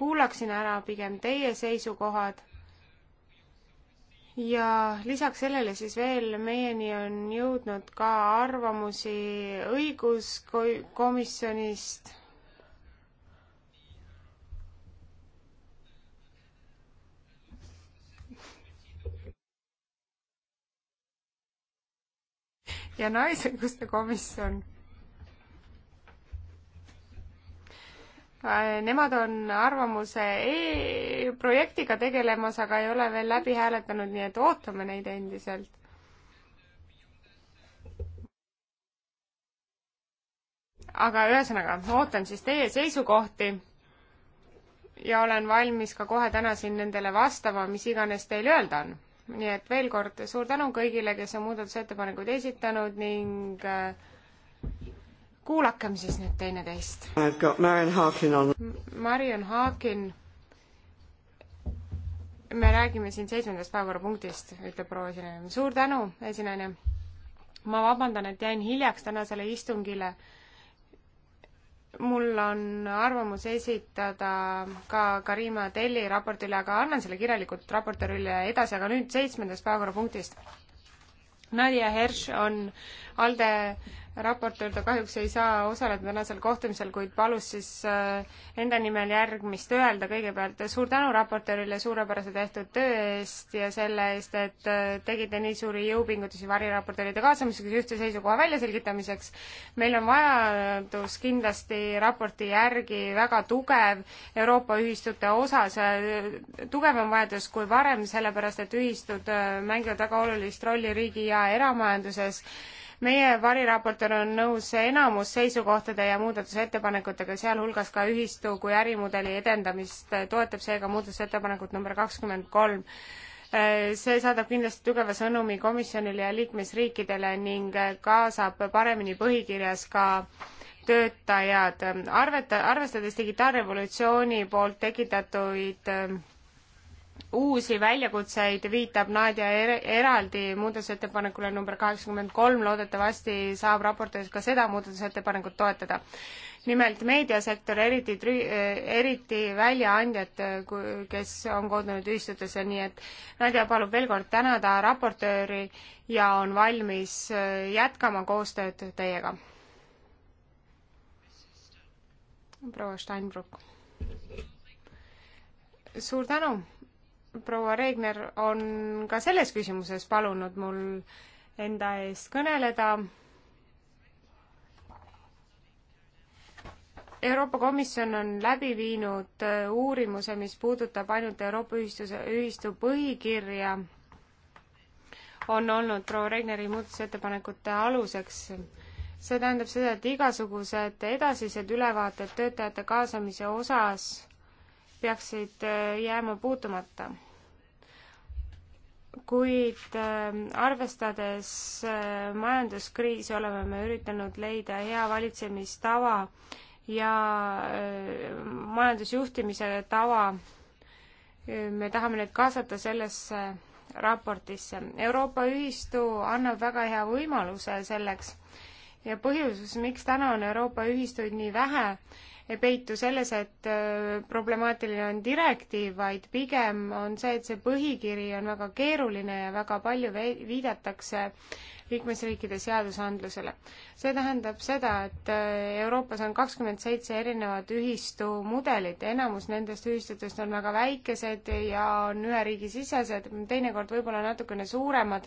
kuulaksin ära pigem teie seisukohad ja lisaks sellele siis veel meieni on jõudnud ka arvamusi õiguskomisjonist. ja Naisõiguste Komisjon Äh, nemad on arvamuse e projektiga tegelemas, aga ei ole veel läbi hääletanud, nii et ootame neid endiselt. aga ühesõnaga, ootan siis teie seisukohti ja olen valmis ka kohe täna siin nendele vastama, mis iganes teil öelda on. nii et veel kord suur tänu kõigile, kes on muudatusettepanekuid esitanud ning äh, kuulakem siis nüüd teineteist. Marion Haakin on. Marion Haakin. me räägime siin seitsmendast päevakorrapunktist, ütleb proua esineja. suur tänu, esinaine. ma vabandan, et jäin hiljaks tänasele istungile. mul on arvamus esitada ka Karima Telli raportile, aga annan selle kirjalikult raportöörile edasi, aga nüüd seitsmendast päevakorrapunktist. Nadia Hirš on ALDE raportöör, ta kahjuks ei saa osaleda tänasel kohtumisel, kuid palus siis äh, enda nimel järgmist öelda. kõigepealt suur tänu raportöörile suurepärase tehtud töö eest ja selle eest, et äh, tegite nii suuri jõupingutusi variraportööride kaasamiseks, ühtse seisukoha väljaselgitamiseks. meil on vajadus kindlasti raporti järgi väga tugev Euroopa ühistute osas, äh, tugevam vajadus kui varem, sellepärast et ühistud mängivad väga olulist rolli riigi ja eramajanduses meie variraportöör on nõus enamus seisukohtade ja muudatusettepanekutega, sealhulgas ka ühistu kui ärimudeli edendamist, toetab seega muudatusettepanekut number kakskümmend kolm see saadab kindlasti tugeva sõnumi komisjonile ja liikmesriikidele ning kaasab paremini põhikirjas ka töötajad. arveta, arvestades digitaalrevolutsiooni poolt tekitatuid uusi väljakutseid viitab Nadia er eraldi muudatusettepanekule number kaheksakümmend kolm, loodetavasti saab raportöös ka seda muudatusettepanekut toetada. nimelt meediasektor, eriti trü-, eriti väljaandjad, kes on koondunud ühistutesse, nii et Nadia palub veel kord tänada raportööri ja on valmis äh, jätkama koostööd teiega. proua Steinbrück. suur tänu proua Reegner on ka selles küsimuses palunud mul enda eest kõneleda. Euroopa Komisjon on läbi viinud äh, uurimuse, mis puudutab ainult Euroopa ühistuse, ühistu põhikirja. on olnud proua Regneri muudatusettepanekute aluseks. see tähendab seda, et igasugused edasised ülevaated töötajate kaasamise osas peaksid äh, jääma puutumata kuid ähm, arvestades äh, majanduskriisi oleme me üritanud leida hea valitsemistava ja äh, majandusjuhtimise tava. me tahame neid kaasata sellesse raportisse. Euroopa ühistu annab väga hea võimaluse selleks ja põhjus, miks täna on Euroopa ühistuid nii vähe, ei peitu selles, et äh, problemaatiline on direktiiv, vaid pigem on see, et see põhikiri on väga keeruline ja väga palju viidatakse liikmesriikide seadusandlusele. see tähendab seda, et äh, Euroopas on kakskümmend seitse erinevat ühistu mudelit, enamus nendest ühistutest on väga väikesed ja on ühe riigi sisesed, teinekord võib-olla natukene suuremad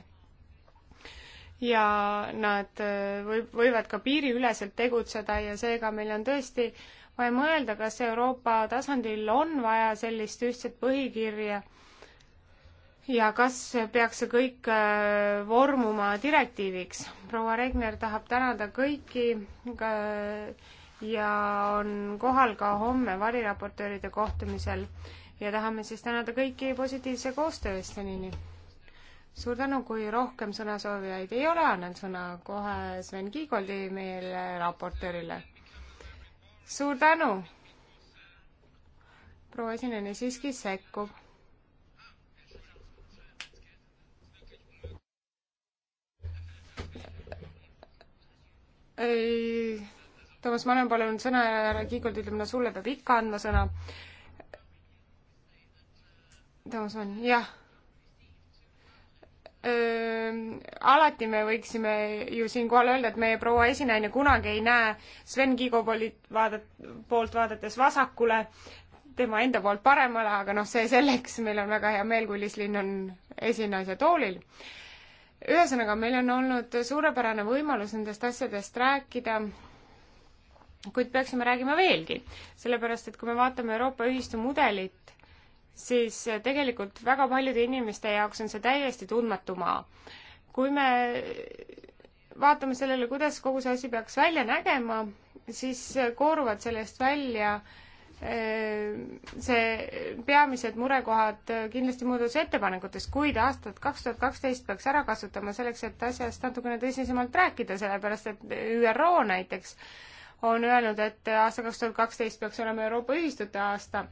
ja nad äh, võib, võivad ka piiriüleselt tegutseda ja seega meil on tõesti vaja mõelda, kas Euroopa tasandil on vaja sellist ühtset põhikirja ja kas peaks see kõik äh, vormuma direktiiviks. proua Regner tahab tänada kõiki ka ja on kohal ka homme variraportööride kohtumisel ja tahame siis tänada kõiki positiivse koostöö eest senini. suur tänu, kui rohkem sõnasoovijaid ei ole, annan sõna kohe Sven Kiigoldi, meile raportöörile suur tänu! proua esinejana siiski sekkub. ei, Toomas Manen, palun sõna ja härra Kiigolt ütleb, no sulle peab ikka andma sõna. Toomas Mann, jah alati me võiksime ju siinkohal öelda, et meie proua esinaine kunagi ei näe Sven Kiigopolit vaadat-, poolt vaadates vasakule, tema enda poolt paremale, aga noh, see selleks, meil on väga hea meel, kui Liis Linn on esinaise toolil. ühesõnaga, meil on olnud suurepärane võimalus nendest asjadest rääkida, kuid peaksime räägima veelgi, sellepärast et kui me vaatame Euroopa ühistu mudelit, siis eh, tegelikult väga paljude inimeste jaoks on see täiesti tundmatu maa. kui me vaatame sellele, kuidas kogu see asi peaks välja nägema, siis eh, kooruvad sellest välja eh, see peamised murekohad kindlasti muudatusettepanekutes, kuid aastat kaks tuhat kaksteist peaks ära kasutama selleks, et asjast natukene tõsisemalt rääkida, sellepärast et ÜRO näiteks äh, on öelnud, et aasta kaks tuhat kaksteist peaks olema Euroopa ühistute aasta.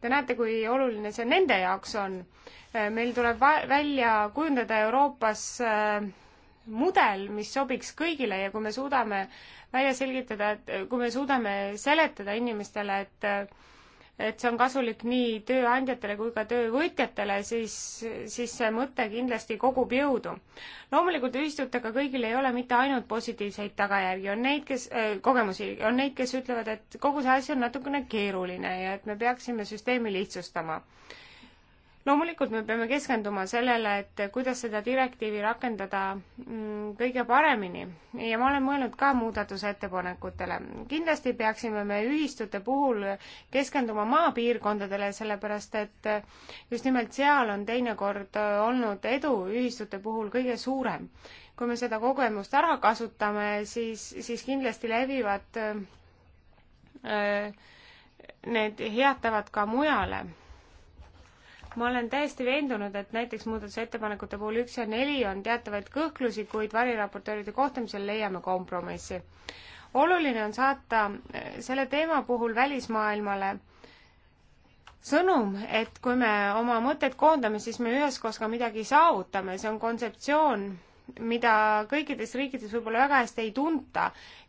Te näete, kui oluline see nende jaoks on. meil tuleb välja kujundada Euroopas äh, mudel, mis sobiks kõigile ja kui me suudame välja selgitada, et kui me suudame seletada inimestele, et et see on kasulik nii tööandjatele kui ka töövõtjatele, siis, siis see mõte kindlasti kogub jõudu. loomulikult ühistutega kõigil ei ole mitte ainult positiivseid tagajärgi, on neid, kes äh,, kogemusi, on neid, kes ütlevad, et kogu see asi on natukene keeruline ja et me peaksime süsteemi lihtsustama loomulikult me peame keskenduma sellele, et kuidas seda direktiivi rakendada mm, kõige paremini ja ma olen mõelnud ka muudatusettepanekutele. kindlasti peaksime me ühistute puhul keskenduma maapiirkondadele, sellepärast et just nimelt seal on teinekord olnud edu ühistute puhul kõige suurem. kui me seda kogemust ära kasutame, siis, siis kindlasti levivad öö, äh, need heatavad ka mujale ma olen täiesti veendunud, et näiteks muudatusettepanekute puhul üks ja neli on teatavaid kõhklusi, kuid variraportööride kohtumisel leiame kompromissi. oluline on saata eh, selle teema puhul välismaailmale sõnum, et kui me oma mõtted koondame, siis me üheskoos ka midagi saavutame, see on kontseptsioon, mida kõikides riikides võib-olla väga hästi ei tunta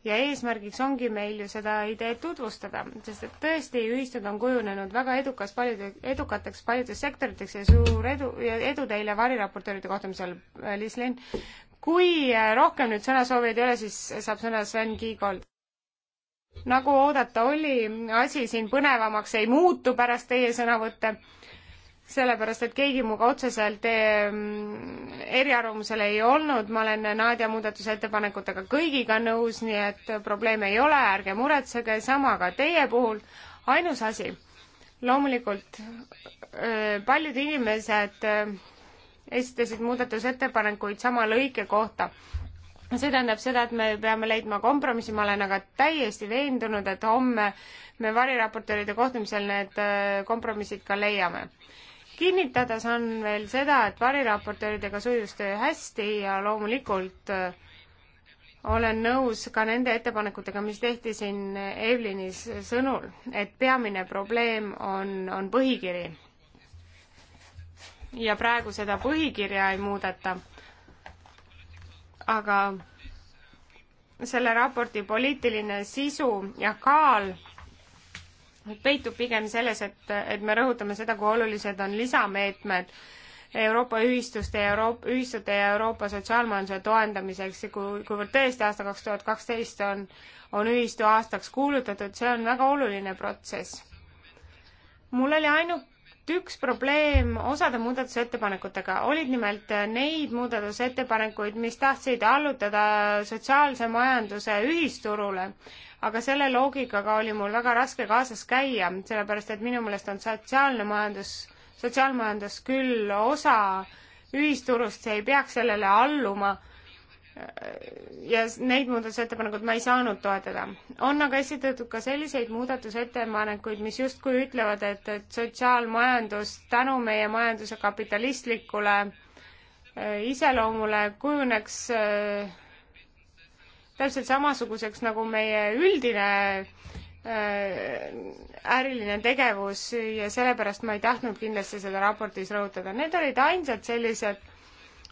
ja eesmärgiks ongi meil ju seda ideed tutvustada, sest et tõesti, ühistud on kujunenud väga edukas paljude, edukateks paljudes sektorites ja suur edu, edu teile variraportööride kohtumisel, äh, Liis Linn. kui äh, rohkem nüüd sõnasoovijaid ei ole, siis saab sõna Sven Kiigold. nagu oodata oli, asi siin põnevamaks ei muutu pärast teie sõnavõtte sellepärast, et keegi minuga otseselt ehm, eriarvamusel ei olnud, ma olen Nadia muudatusettepanekutega kõigiga nõus, nii et probleeme ei ole, ärge muretsege, sama ka teie puhul. ainus asi, loomulikult paljud inimesed esitasid muudatusettepanekuid sama lõike kohta. see tähendab seda, et me peame leidma kompromissi, ma olen aga täiesti veendunud, et homme me variraportööride kohtumisel need kompromissid ka leiame kinnitada saan veel seda, et variraportööridega sujus töö hästi ja loomulikult äh, olen nõus ka nende ettepanekutega, mis tehti siin Evlinis sõnul, et peamine probleem on, on põhikiri. ja praegu seda põhikirja ei muudeta. aga selle raporti poliitiline sisu ja kaal peitub pigem selles, et, et me rõhutame seda, kui olulised on lisameetmed Euroopa ühistuste ja Euroopa, ühistute ja Euroopa sotsiaalmajanduse toendamiseks, kui, kuivõrd tõesti aasta kaks tuhat kaksteist on, on ühistu aastaks kuulutatud, see on väga oluline protsess. mul oli ainult üks probleem osade muudatusettepanekutega olid nimelt neid muudatusettepanekuid, mis tahtsid allutada sotsiaalse majanduse ühisturule aga selle loogikaga oli mul väga raske kaasas käia, sellepärast et minu meelest on sotsiaalne majandus, sotsiaalmajandus küll osa ühisturust, see ei peaks sellele alluma ja neid muudatusettepanekuid ma ei saanud toetada. on aga esitatud ka selliseid muudatusettepanekuid, mis justkui ütlevad, et, et sotsiaalmajandus tänu meie majanduse kapitalistlikule äh, iseloomule kujuneks äh, täpselt samasuguseks nagu meie üldine äh, äriline tegevus ja sellepärast ma ei tahtnud kindlasti seda raportis rõhutada. Need olid ainsad sellised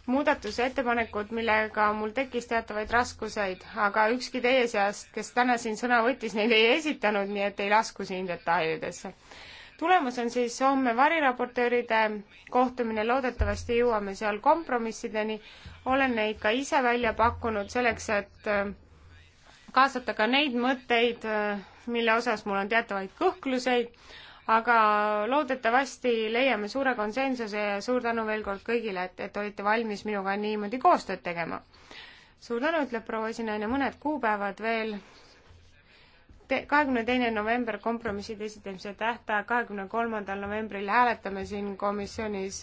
muudatusettepanekud, millega mul tekkis teatavaid raskuseid, aga ükski teie seast, kes täna siin sõna võttis, neid ei esitanud, nii et ei lasku siin detailidesse tulemus on siis homme variraportööride kohtumine, loodetavasti jõuame seal kompromissideni. olen neid ka ise välja pakkunud selleks, et äh, kaasata ka neid mõtteid, äh, mille osas mul on teatavaid kõhkluseid, aga loodetavasti leiame suure konsensuse ja suur tänu veel kord kõigile, et, et olite valmis minuga niimoodi koostööd tegema. suur tänu, ütleb proua esinaine, mõned kuupäevad veel kahekümne teine november kompromisside esitamise tähtaeg, kahekümne kolmandal novembril hääletame siin komisjonis.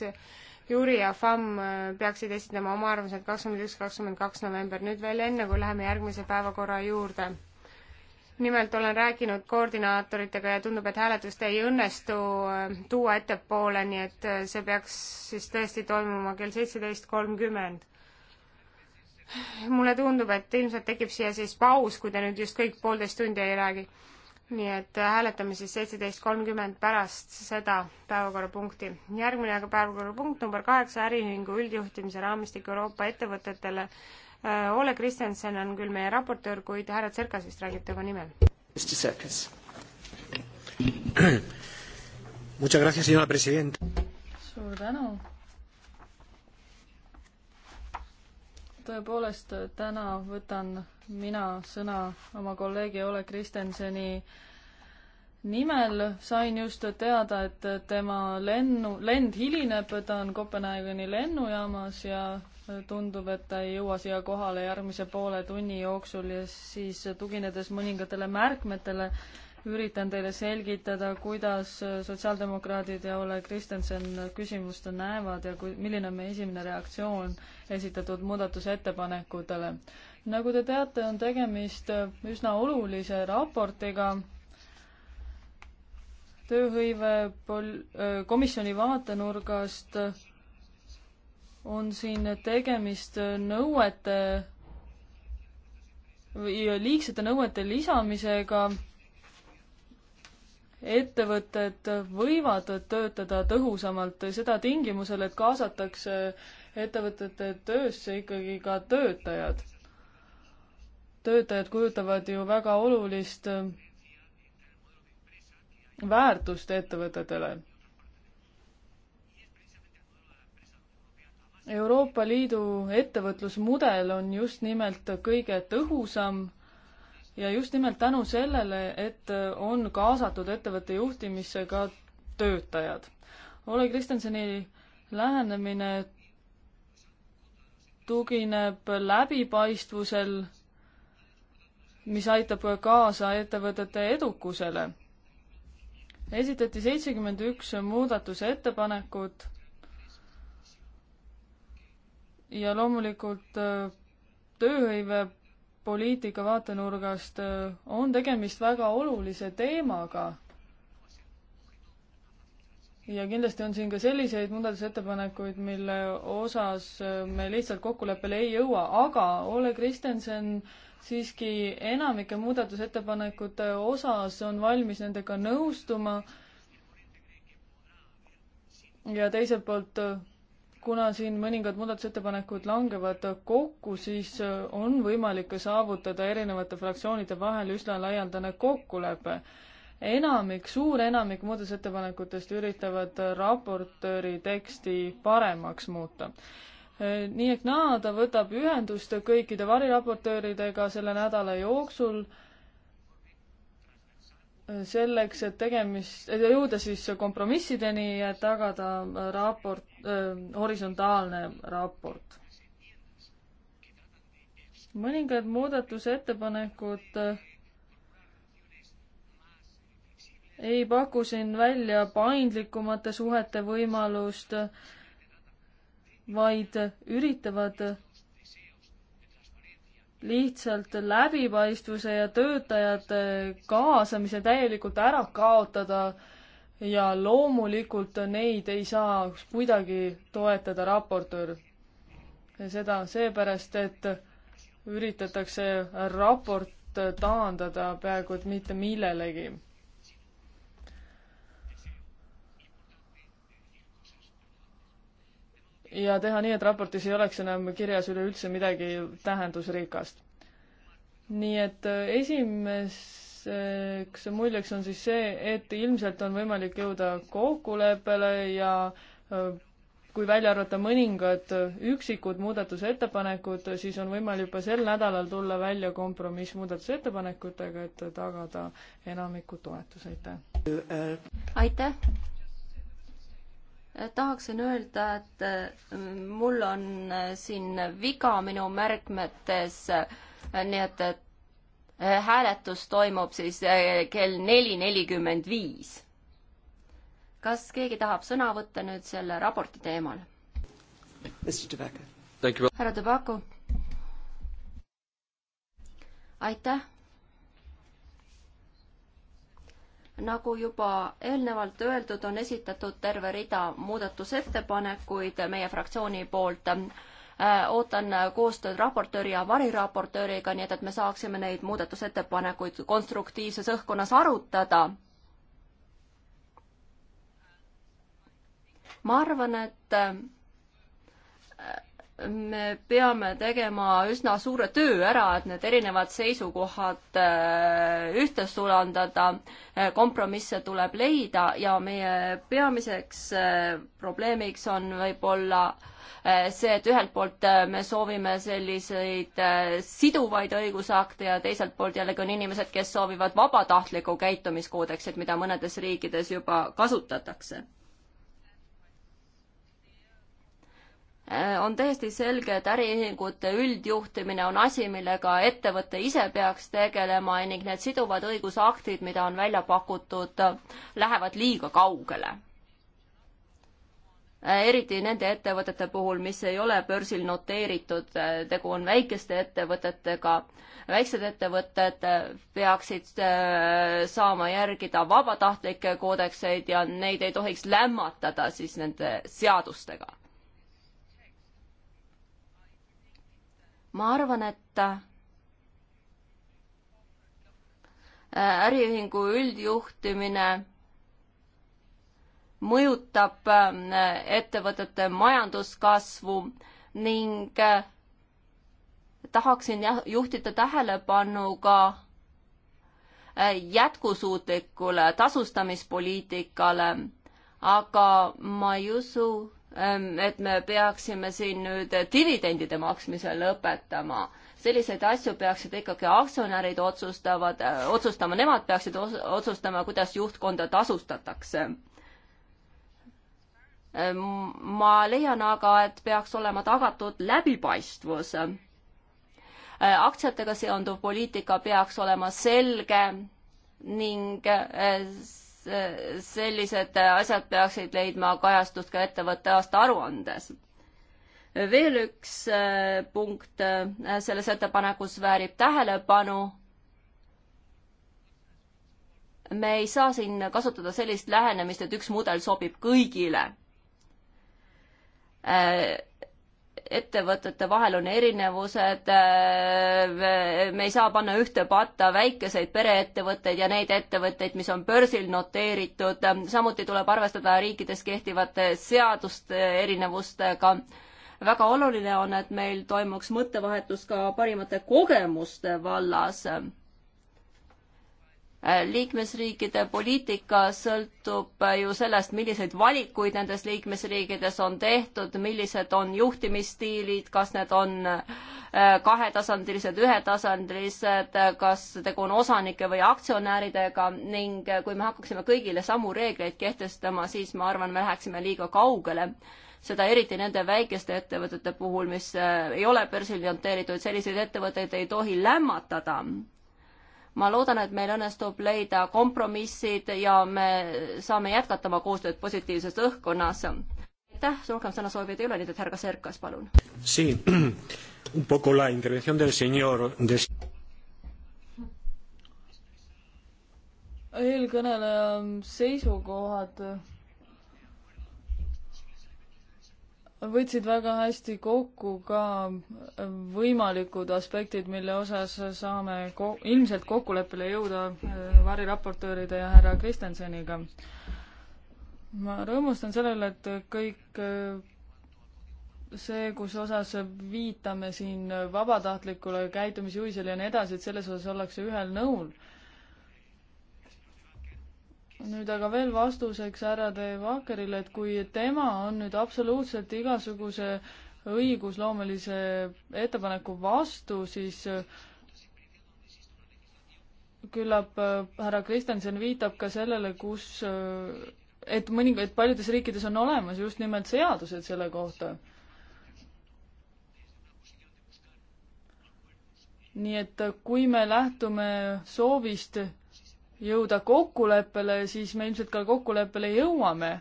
Jüri ja FAM äh, peaksid esitama oma arvamused kakskümmend üks, kakskümmend kaks november, nüüd veel enne, kui läheme järgmise päevakorra juurde. nimelt olen rääkinud koordinaatoritega ja tundub, et hääletust ei õnnestu äh, tuua ettepoole, nii et äh, see peaks siis tõesti toimuma kell seitseteist kolmkümmend mulle tundub, et ilmselt tekib siia siis paus, kui te nüüd just kõik poolteist tundi ei räägi. nii et äh, hääletame siis seitseteist kolmkümmend pärast seda päevakorrapunkti. järgmine aga päevakorrapunkt number kaheksa, äriühingu üldjuhtimise raamistik Euroopa ettevõtetele. Äh, Ole Kristjanson on küll meie raportöör, kuid härra Tserkas vist räägib tema nimel. Mr Tserkas. Muchas gracias, señora president. suur tänu tõepoolest, täna võtan mina sõna oma kolleegi Ole Kristenseni nimel. sain just teada, et tema lennu, lend hilineb, ta on Kopenhaageni lennujaamas ja tundub, et ta ei jõua siia kohale järgmise poole tunni jooksul ja siis tuginedes mõningatele märkmetele, üritan teile selgitada, kuidas sotsiaaldemokraadid ja Olle Kristensen küsimust näevad ja kui, milline on meie esimene reaktsioon esitatud muudatusettepanekutele. nagu te teate, on tegemist üsna olulise raportiga tööhõive pol-, komisjoni vaatenurgast on siin tegemist nõuete, liigsete nõuete lisamisega ettevõtted võivad töötada tõhusamalt, seda tingimusel, et kaasatakse ettevõtete töösse ikkagi ka töötajad. töötajad kujutavad ju väga olulist väärtust ettevõtetele. Euroopa Liidu ettevõtlusmudel on just nimelt kõige tõhusam ja just nimelt tänu sellele, et äh, on kaasatud ettevõtte juhtimisse ka töötajad. Ole Kristjanseni lähenemine tugineb läbipaistvusel, mis aitab kaasa ettevõtete edukusele. esitati seitsekümmend üks muudatusettepanekut ja loomulikult äh, tööhõive poliitika vaatenurgast äh, on tegemist väga olulise teemaga. ja kindlasti on siin ka selliseid muudatusettepanekuid, mille osas äh, me lihtsalt kokkuleppele ei jõua, aga Ole Kristensen siiski enamike muudatusettepanekute osas on valmis nendega nõustuma. ja teiselt poolt äh, kuna siin mõningad muudatusettepanekud langevad kokku, siis äh, on võimalik saavutada erinevate fraktsioonide vahel üsna laialdane kokkulepe. enamik, suur enamik muudatusettepanekutest üritavad raportööri teksti paremaks muuta. Äh, nii ehk naa, ta võtab ühendust kõikide variraportööridega selle nädala jooksul selleks, et tegemist, et jõuda siis kompromissideni ja tagada raport äh,, horisontaalne raport. mõningad muudatusettepanekud äh, ei paku siin välja paindlikumate suhete võimalust, vaid üritavad lihtsalt läbipaistvuse ja töötajate kaasamise täielikult ära kaotada ja loomulikult neid ei saa kuidagi toetada raportöör. seda seepärast, et üritatakse raport taandada peaaegu et mitte millelegi ja teha nii, et raportis ei oleks enam kirjas üleüldse midagi tähendusrikast. nii et äh, esimeseks muljeks on siis see, et ilmselt on võimalik jõuda kokkuleppele ja äh, kui välja arvata mõningad üksikud muudatusettepanekud, siis on võimalik juba sel nädalal tulla välja kompromiss muudatusettepanekutega, et tagada enamiku toetus, aitäh! aitäh! tahaksin öelda, et mm, mul on äh, siin viga minu märkmetes, äh, nii et, et äh, hääletus toimub siis kell neli nelikümmend viis. kas keegi tahab sõna võtta nüüd selle raporti teemal? härra Tobacco. aitäh nagu juba eelnevalt öeldud, on esitatud terve rida muudatusettepanekuid meie fraktsiooni poolt. Äh, ootan koostööd raportööri ja variraportööriga, nii et, et me saaksime neid muudatusettepanekuid konstruktiivses õhkkonnas arutada. ma arvan, et äh, me peame tegema üsna suure töö ära, et need erinevad seisukohad äh, ühte sulandada, äh, kompromisse tuleb leida ja meie peamiseks äh, probleemiks on võib-olla see, et ühelt poolt me soovime selliseid siduvaid õigusakte ja teiselt poolt jällegi on inimesed, kes soovivad vabatahtlikku käitumiskoodeksit, mida mõnedes riikides juba kasutatakse Äh, on täiesti selge, et äriühingute üldjuhtimine on asi, millega ettevõte ise peaks tegelema ning need siduvad õigusaktid, mida on välja pakutud, lähevad liiga kaugele. Äh, eriti nende ettevõtete puhul, mis ei ole börsil noteeritud, äh, tegu on väikeste ettevõtetega, väiksed ettevõtted peaksid saama järgida vabatahtlikke koodekseid ja neid ei tohiks lämmatada siis nende seadustega ma arvan, et äh, äriühingu üldjuhtimine mõjutab äh, ettevõtete majanduskasvu ning äh, tahaksin juhtida tähelepanu ka jätkusuutlikule tasustamispoliitikale, aga ma ei usu, Ähm, et me peaksime siin nüüd dividendide maksmise lõpetama. selliseid asju peaksid ikkagi aktsionärid otsustavad, äh, otsustama, nemad peaksid os, otsustama, kuidas juhtkonda tasustatakse. Ähm, ma leian aga, et peaks olema tagatud läbipaistvus. Äh, aktsiatega seonduv poliitika peaks olema selge ning äh, sellised asjad peaksid leidma kajastust ka ettevõtte aasta aruandes. veel üks äh, punkt äh, selles ettepanekus väärib tähelepanu. me ei saa siin kasutada sellist lähenemist, et üks mudel sobib kõigile äh, ettevõtete vahel on erinevused, äh, me ei saa panna ühte patta väikeseid pereettevõtteid ja neid ettevõtteid, mis on börsil noteeritud, samuti tuleb arvestada riikides kehtivate seaduste erinevustega. väga oluline on, et meil toimuks mõttevahetus ka parimate kogemuste vallas Äh, liikmesriikide poliitika sõltub äh, ju sellest, milliseid valikuid nendes liikmesriikides on tehtud, millised on juhtimisstiilid, kas need on äh, kahetasandilised, ühetasandilised, kas tegu on osanike või aktsionäridega ning kui me hakkaksime kõigile samu reegleid kehtestama, siis ma arvan, me läheksime liiga kaugele seda eriti nende väikeste ettevõtete puhul, mis ei ole börsil orienteeritud, selliseid ettevõtteid ei tohi lämmatada ma loodan, et meil õnnestub leida kompromissid ja me saame jätkata oma koostööd positiivses õhkkonnas. aitäh, rohkem sõnasoovijaid ei ole, nii et härra Serkas, palun. Un poco la intervención del señor de... eelkõneleja seisukohad võtsid väga hästi kokku ka võimalikud aspektid, mille osas saame ko-, ilmselt kokkuleppele jõuda äh, variraportööride ja härra Kristjanseniga. ma rõõmustan sellele, et kõik äh, see, kus osas viitame siin vabatahtlikule käitumisjuhisele ja nii edasi, et selles osas ollakse ühel nõul nüüd aga veel vastuseks härra De Vaakerile, et kui tema on nüüd absoluutselt igasuguse õigusloomelise ettepaneku vastu, siis äh, küllap äh, härra Kristjanson viitab ka sellele, kus, äh, et mõninga, et paljudes riikides on olemas just nimelt seadused selle kohta. nii et kui me lähtume soovist jõuda kokkuleppele, siis me ilmselt ka kokkuleppele jõuame.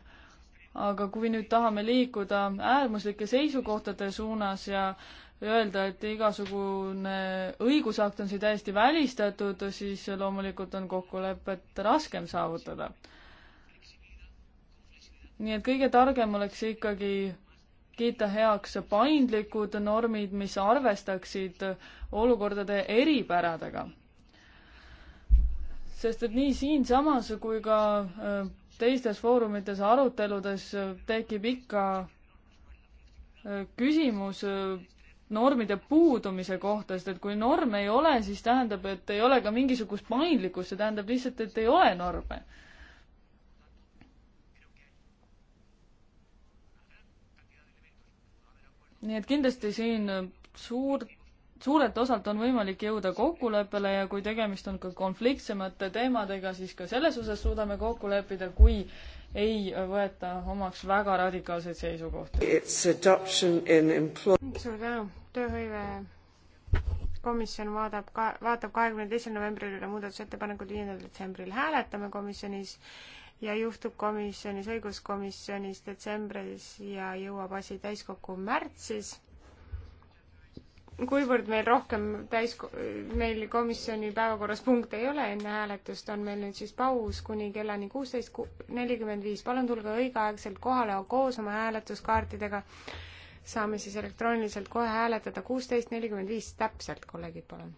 aga kui nüüd tahame liikuda äärmuslike seisukohtade suunas ja öelda, et igasugune õigusakt on siin täiesti välistatud, siis loomulikult on kokkulepet raskem saavutada. nii et kõige targem oleks ikkagi kiita heaks paindlikud normid, mis arvestaksid olukordade eripäradega sest et nii siinsamas kui ka äh, teistes foorumites, aruteludes äh, tekib ikka äh, küsimus normide puudumise kohta, sest et kui norme ei ole, siis tähendab, et ei ole ka mingisugust paindlikkust, see tähendab lihtsalt, et ei ole norme. nii et kindlasti siin suurt suurelt osalt on võimalik jõuda kokkuleppele ja kui tegemist on ka konfliktsemate teemadega, siis ka selles osas suudame kokku leppida, kui ei võeta omaks väga radikaalseid seisukohti. suur tänu, tööhõive komisjon vaatab ka, vaatab kahekümne teisel novembril üle muudatusettepanekud, viiendal detsembril hääletame komisjonis ja juhtub komisjonis, õiguskomisjonis detsembris ja jõuab asi täiskokku märtsis kuivõrd meil rohkem täis, meil komisjoni päevakorras punkte ei ole enne hääletust, on meil nüüd siis paus kuni kellani kuusteist nelikümmend viis. palun tulge õigeaegselt kohale koos oma hääletuskaartidega. saame siis elektrooniliselt kohe hääletada kuusteist nelikümmend viis täpselt, kolleegid, palun.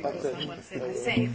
No. Someone said the same.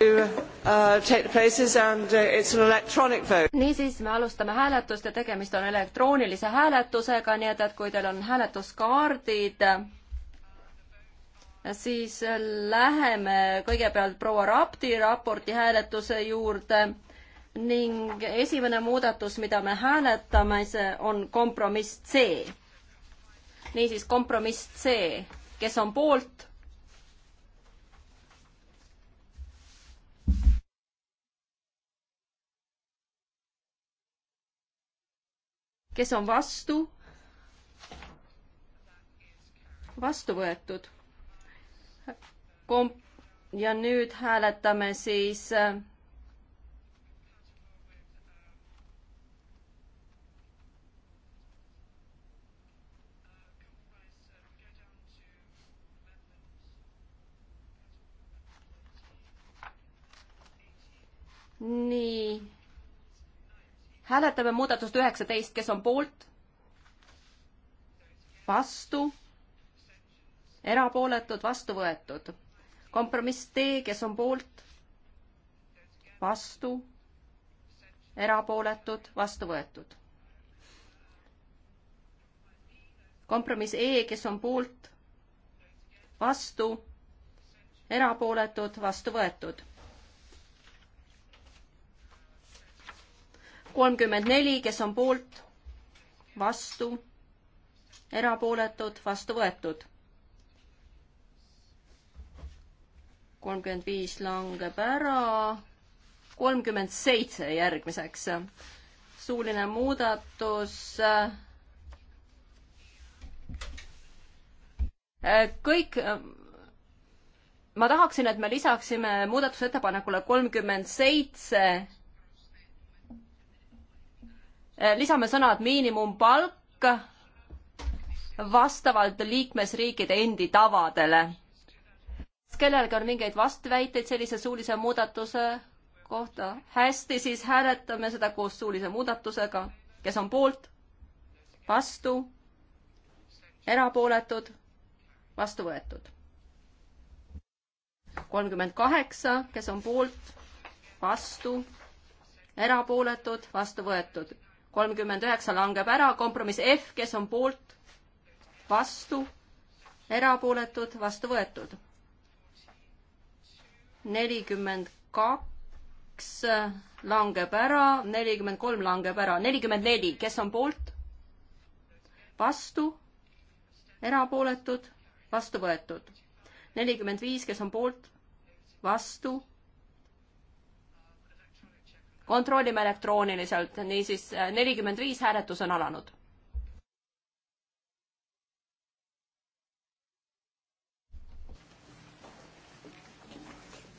Uh, uh, niisiis, me alustame hääletust ja tegemist on elektroonilise hääletusega, nii et, et kui teil on hääletuskaardid, siis läheme kõigepealt proua Rapti raporti hääletuse juurde ning esimene muudatus, mida me hääletame, see on kompromiss C. niisiis, kompromiss C, kes on poolt kes on vastu? vastu võetud. Komp- ja nüüd hääletame siis äh, hääletame muudatust üheksateist, kes on poolt? vastu? erapooletud, vastu võetud. kompromiss D, kes on poolt? vastu? erapooletud, vastu võetud. kompromiss E, kes on poolt? vastu? erapooletud, vastu võetud kolmkümmend neli, kes on poolt, vastu, erapooletud, vastu võetud. kolmkümmend viis langeb ära, kolmkümmend seitse järgmiseks. suuline muudatus kõik, ma tahaksin, et me lisaksime muudatusettepanekule kolmkümmend seitse Eh, lisame sõnad miinimumpalk vastavalt liikmesriikide endi tavadele. kas kellelgi on mingeid vastuväiteid sellise suulise muudatuse kohta? hästi, siis hääletame seda koos suulise muudatusega. kes on poolt? vastu? erapooletud? vastu võetud? kolmkümmend kaheksa, kes on poolt? vastu? erapooletud? vastu võetud? kolmkümmend üheksa langeb ära, kompromiss F, kes on poolt, vastu, erapooletud, vastu võetud. nelikümmend kaks langeb ära, nelikümmend kolm langeb ära, nelikümmend neli, kes on poolt, vastu, erapooletud, vastu võetud. nelikümmend viis, kes on poolt, vastu kontrollime elektrooniliselt, niisiis eh, nelikümmend viis hääletus on alanud.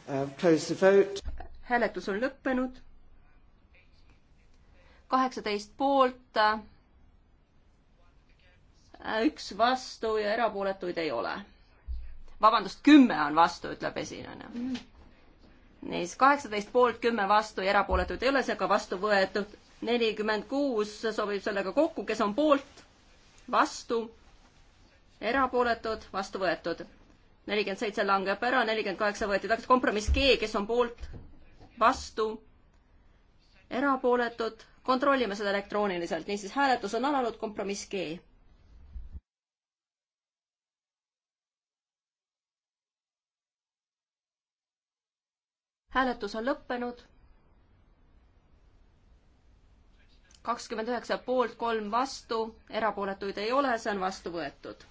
Uh, hääletus on lõppenud. kaheksateist poolt, eh, üks vastu ja erapooletuid ei ole. vabandust, kümme on vastu, ütleb esinejana mm niisiis kaheksateist poolt, kümme vastu ja erapooletuid ei ole, seega vastu võetud nelikümmend kuus sobib sellega kokku, kes on poolt, vastu, erapooletud, vastu võetud. nelikümmend seitse langeb ära, nelikümmend kaheksa võeti tagasi, kompromiss G, kes on poolt, vastu, erapooletud, kontrollime seda elektrooniliselt, niisiis hääletus on alanud, kompromiss G hääletus on lõppenud. kakskümmend üheksa poolt, kolm vastu, erapooletuid ei ole, see on vastu võetud.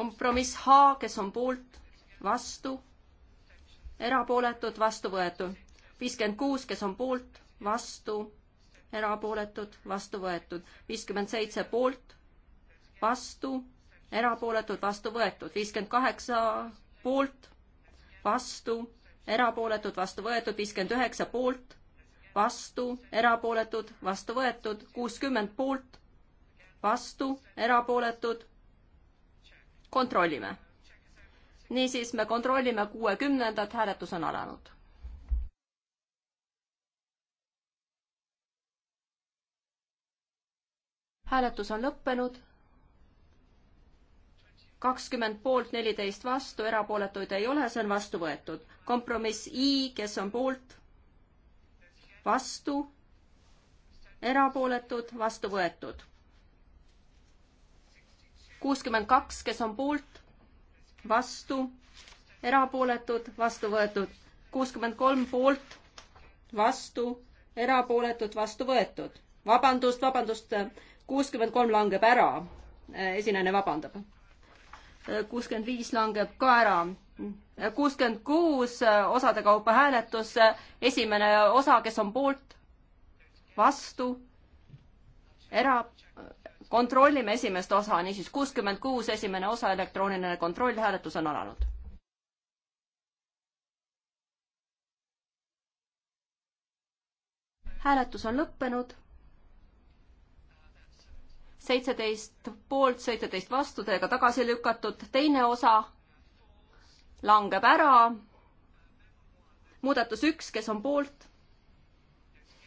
kompromiss H, kes on poolt, vastu, erapooletud, vastu võetud. viiskümmend kuus, kes on poolt, vastu erapooletud, vastu võetud. viiskümmend seitse poolt, vastu, erapooletud, vastu võetud. viiskümmend kaheksa poolt, vastu, erapooletud, vastu võetud. viiskümmend üheksa poolt, vastu, erapooletud, vastu võetud. kuuskümmend poolt, vastu, erapooletud. kontrollime niisiis me kontrollime kuuekümnendat, hääletus on alanud hääletus on lõppenud. kakskümmend poolt, neliteist vastu, erapooletuid ei ole, see on vastu võetud. kompromiss I, kes on poolt, vastu, erapooletud, vastu võetud. kuuskümmend kaks, kes on poolt, vastu, erapooletud, vastu võetud. kuuskümmend kolm poolt, vastu, erapooletud, vastu võetud. vabandust, vabandust kuuskümmend kolm langeb ära, äh, esinejana vabandab. Äh, kuuskümmend viis langeb ka ära. Äh, kuuskümmend kuus osade kaupa hääletus, esimene osa, kes on poolt, vastu, era-, kontrollime esimest osa, niisiis kuuskümmend kuus, esimene osa, elektrooniline kontroll, hääletus on alanud. hääletus on lõppenud seitseteist poolt, seitseteist vastudega tagasi lükatud, teine osa langeb ära. muudatus üks, kes on poolt,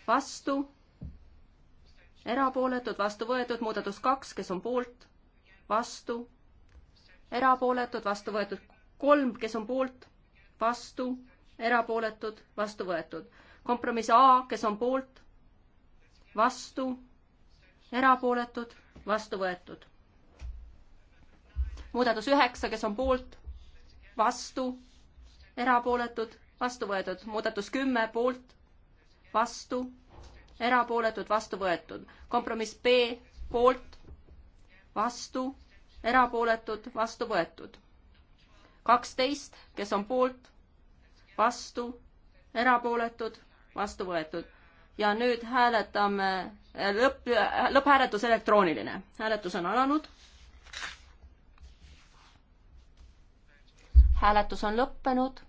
vastu, erapooletud, vastu võetud, muudatus kaks, kes on poolt, vastu, erapooletud, vastu võetud, kolm, kes on poolt, vastu, erapooletud, vastu võetud. kompromiss A, kes on poolt, vastu, erapooletud, vastu võetud. muudatus üheksa, kes on poolt, vastu, erapooletud, vastu võetud. muudatus kümme, poolt, vastu, erapooletud, vastu võetud. kompromiss B, poolt, vastu, erapooletud, vastu võetud. kaksteist, kes on poolt, vastu, erapooletud, vastu võetud ja nüüd hääletame äh, lõpp, äh, lõpphääletus elektrooniline. hääletus on alanud. hääletus on lõppenud.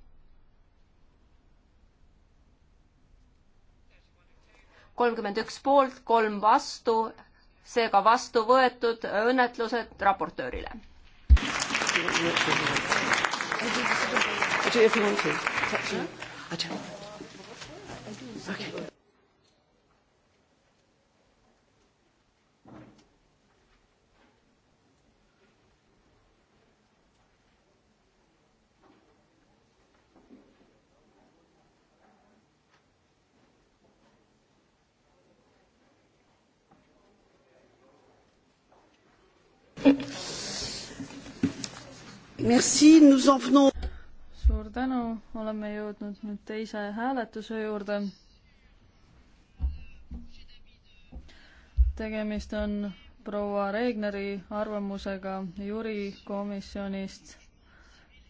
kolmkümmend üks poolt, kolm vastu, seega vastu võetud õnnetlused raportöörile. I do if you want to. I don't. Okay. Merci, nous en venons. suur tänu, oleme jõudnud nüüd teise hääletuse juurde. tegemist on proua Regneri arvamusega juri komisjonist.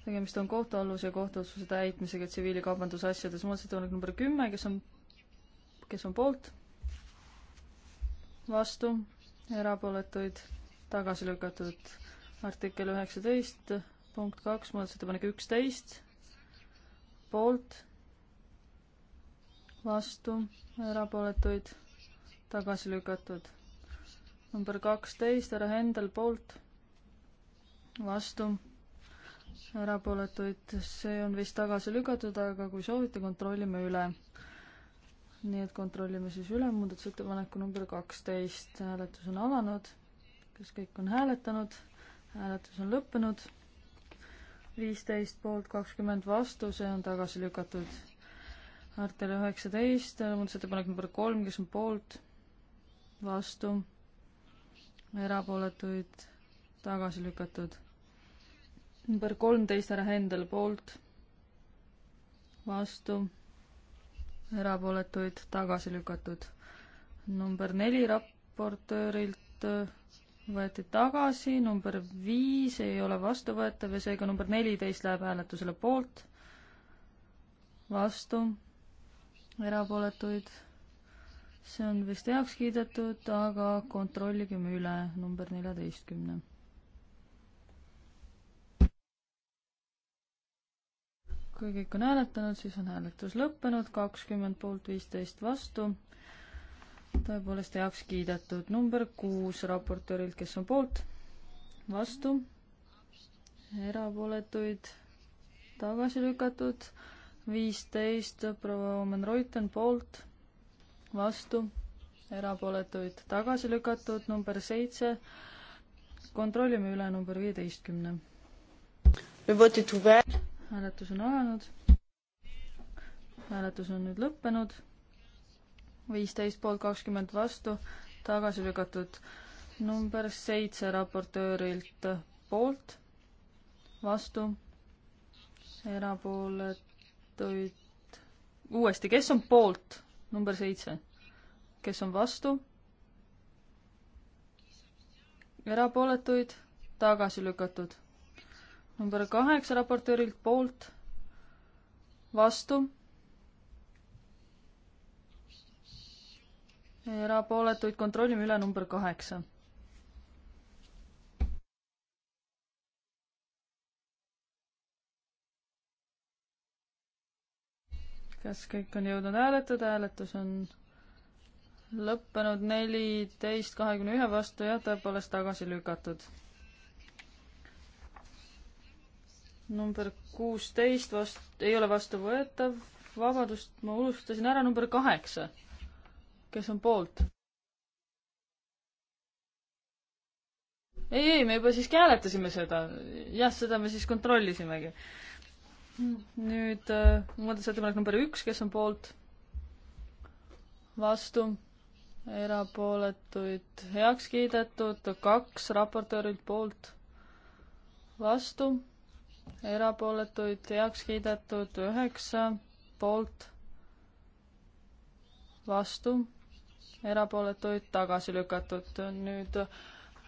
tegemist on kohtualluse kohtuotsuse täitmisega tsiviilkaubandusasjades, muudatusettepanek number kümme, kes on, kes on poolt? vastu, erapooletuid tagasi lükatud. artikkel üheksateist, punkt kaks, muudatusettepanek üksteist, poolt, vastu, erapooletuid, tagasi lükatud. number kaksteist, härra Hendel poolt, vastu, erapooletuid, see on vist tagasi lükatud, aga kui soovite, kontrollime üle nii et kontrollime siis üle muudatusettepaneku number kaksteist, hääletus on alanud kas kõik on hääletanud? hääletus on lõppenud. viisteist poolt kakskümmend vastu, see on tagasi lükatud. Artele üheksateist, muudatusettepanek number kolm, kes on poolt, vastu, erapooletuid tagasi lükatud. number kolmteist, härra Hendel poolt, vastu, erapooletuid tagasi lükatud. number neli raportöörilt võeti tagasi, number viis ei ole vastuvõetav ja seega number neliteist läheb hääletusele poolt, vastu, erapooletuid. see on vist heaks kiidetud, aga kontrolligem üle number neljateistkümne. kui kõik on hääletanud, siis on hääletus lõppenud, kakskümmend poolt, viisteist vastu tõepoolest heaks kiidetud. number kuus raportöörilt, kes on poolt, vastu, erapooletuid, tagasi lükatud, viisteist proua Omen Reuten poolt, vastu, erapooletuid, tagasi lükatud, number seitse, kontrollime üle number viieteistkümne. hääletus on alanud. hääletus on nüüd lõppenud viisteist poolt kakskümmend vastu, tagasi lükatud. number seitse raportöörilt poolt, vastu, erapooletuid. uuesti, kes on poolt, number seitse, kes on vastu? erapooletuid, tagasi lükatud. number kaheksa raportöörilt poolt, vastu erapooletuid kontrollime üle number kaheksa. kas kõik on jõudnud hääletada, hääletus on lõppenud neliteist kahekümne ühe vastu ja tõepoolest tagasi lükatud. number kuusteist vast-, ei ole vastuvõetav, vabadust ma unustasin ära, number kaheksa kes on poolt? ei, ei, me juba siiski hääletasime seda. jah, seda me siis kontrollisimegi. nüüd äh, muudatusettepanek number üks, kes on poolt? vastu? erapooletuid heaks kiidetud, kaks raportöörilt poolt, vastu, erapooletuid heaks kiidetud, üheksa poolt, vastu erapooletuid tagasi lükatud. nüüd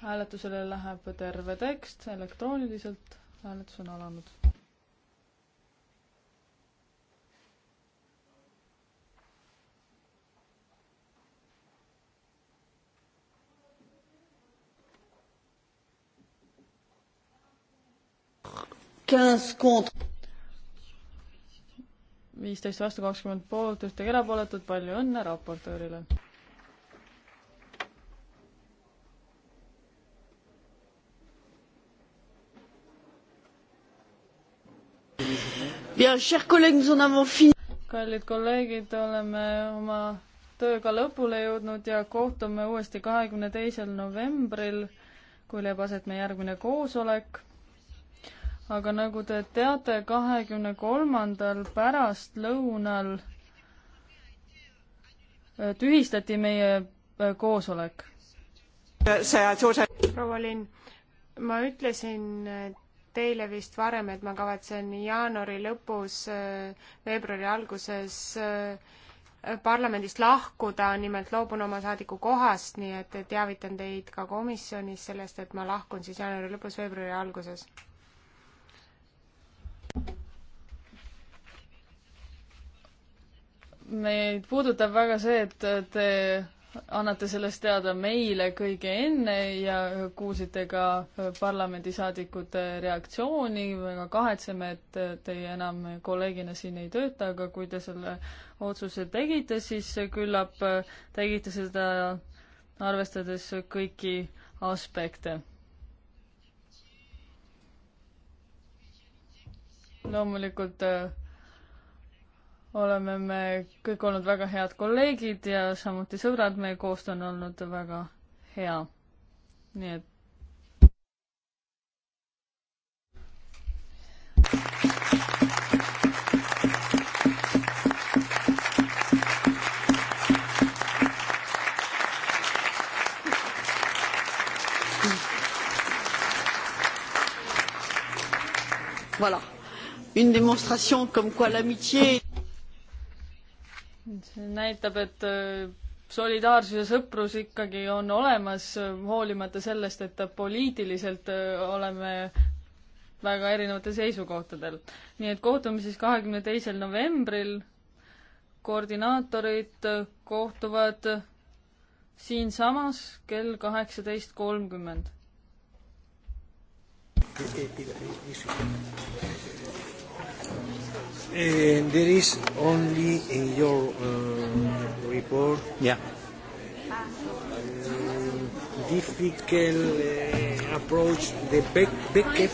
hääletusele läheb terve tekst elektrooniliselt, hääletus on alanud. viisteist vastu kakskümmend poolt, ühtegi erapooletut, palju õnne raportöörile! kallid kolleegid, oleme oma tööga lõpule jõudnud ja kohtume uuesti kahekümne teisel novembril, kui leiab aset meie järgmine koosolek. aga nagu te teate, kahekümne kolmandal pärastlõunal äh, tühistati meie äh, koosolek. Äh, proua Linn, ma ütlesin, et teile vist varem, et ma kavatsen jaanuari lõpus, äh, veebruari alguses äh, parlamendist lahkuda, nimelt loobun oma saadiku kohast, nii et teavitan teid ka komisjonis sellest, et ma lahkun siis jaanuari lõpus, veebruari alguses. meid puudutab väga see, et te annate sellest teada meile kõige enne ja kuulsite ka parlamendisaadikute reaktsiooni, väga kahetseme, et teie enam kolleegina siin ei tööta, aga kui te selle otsuse tegite, siis küllap tegite seda arvestades kõiki aspekte. loomulikult äh, oleme me kõik olnud väga head kolleegid ja samuti sõbrad, meie koostöö on olnud väga hea. nii et. Voilà une démonstration comme quoi l'amitié see näitab, et äh, solidaarsus ja sõprus ikkagi on olemas, hoolimata sellest, et poliitiliselt äh, oleme väga erinevatel seisukohtadel. nii et kohtume siis kahekümne teisel novembril, koordinaatorid äh, kohtuvad siinsamas kell kaheksateist kolmkümmend. Uh, there is only in your uh, report. Yeah. Um, difficult uh, approach the back, back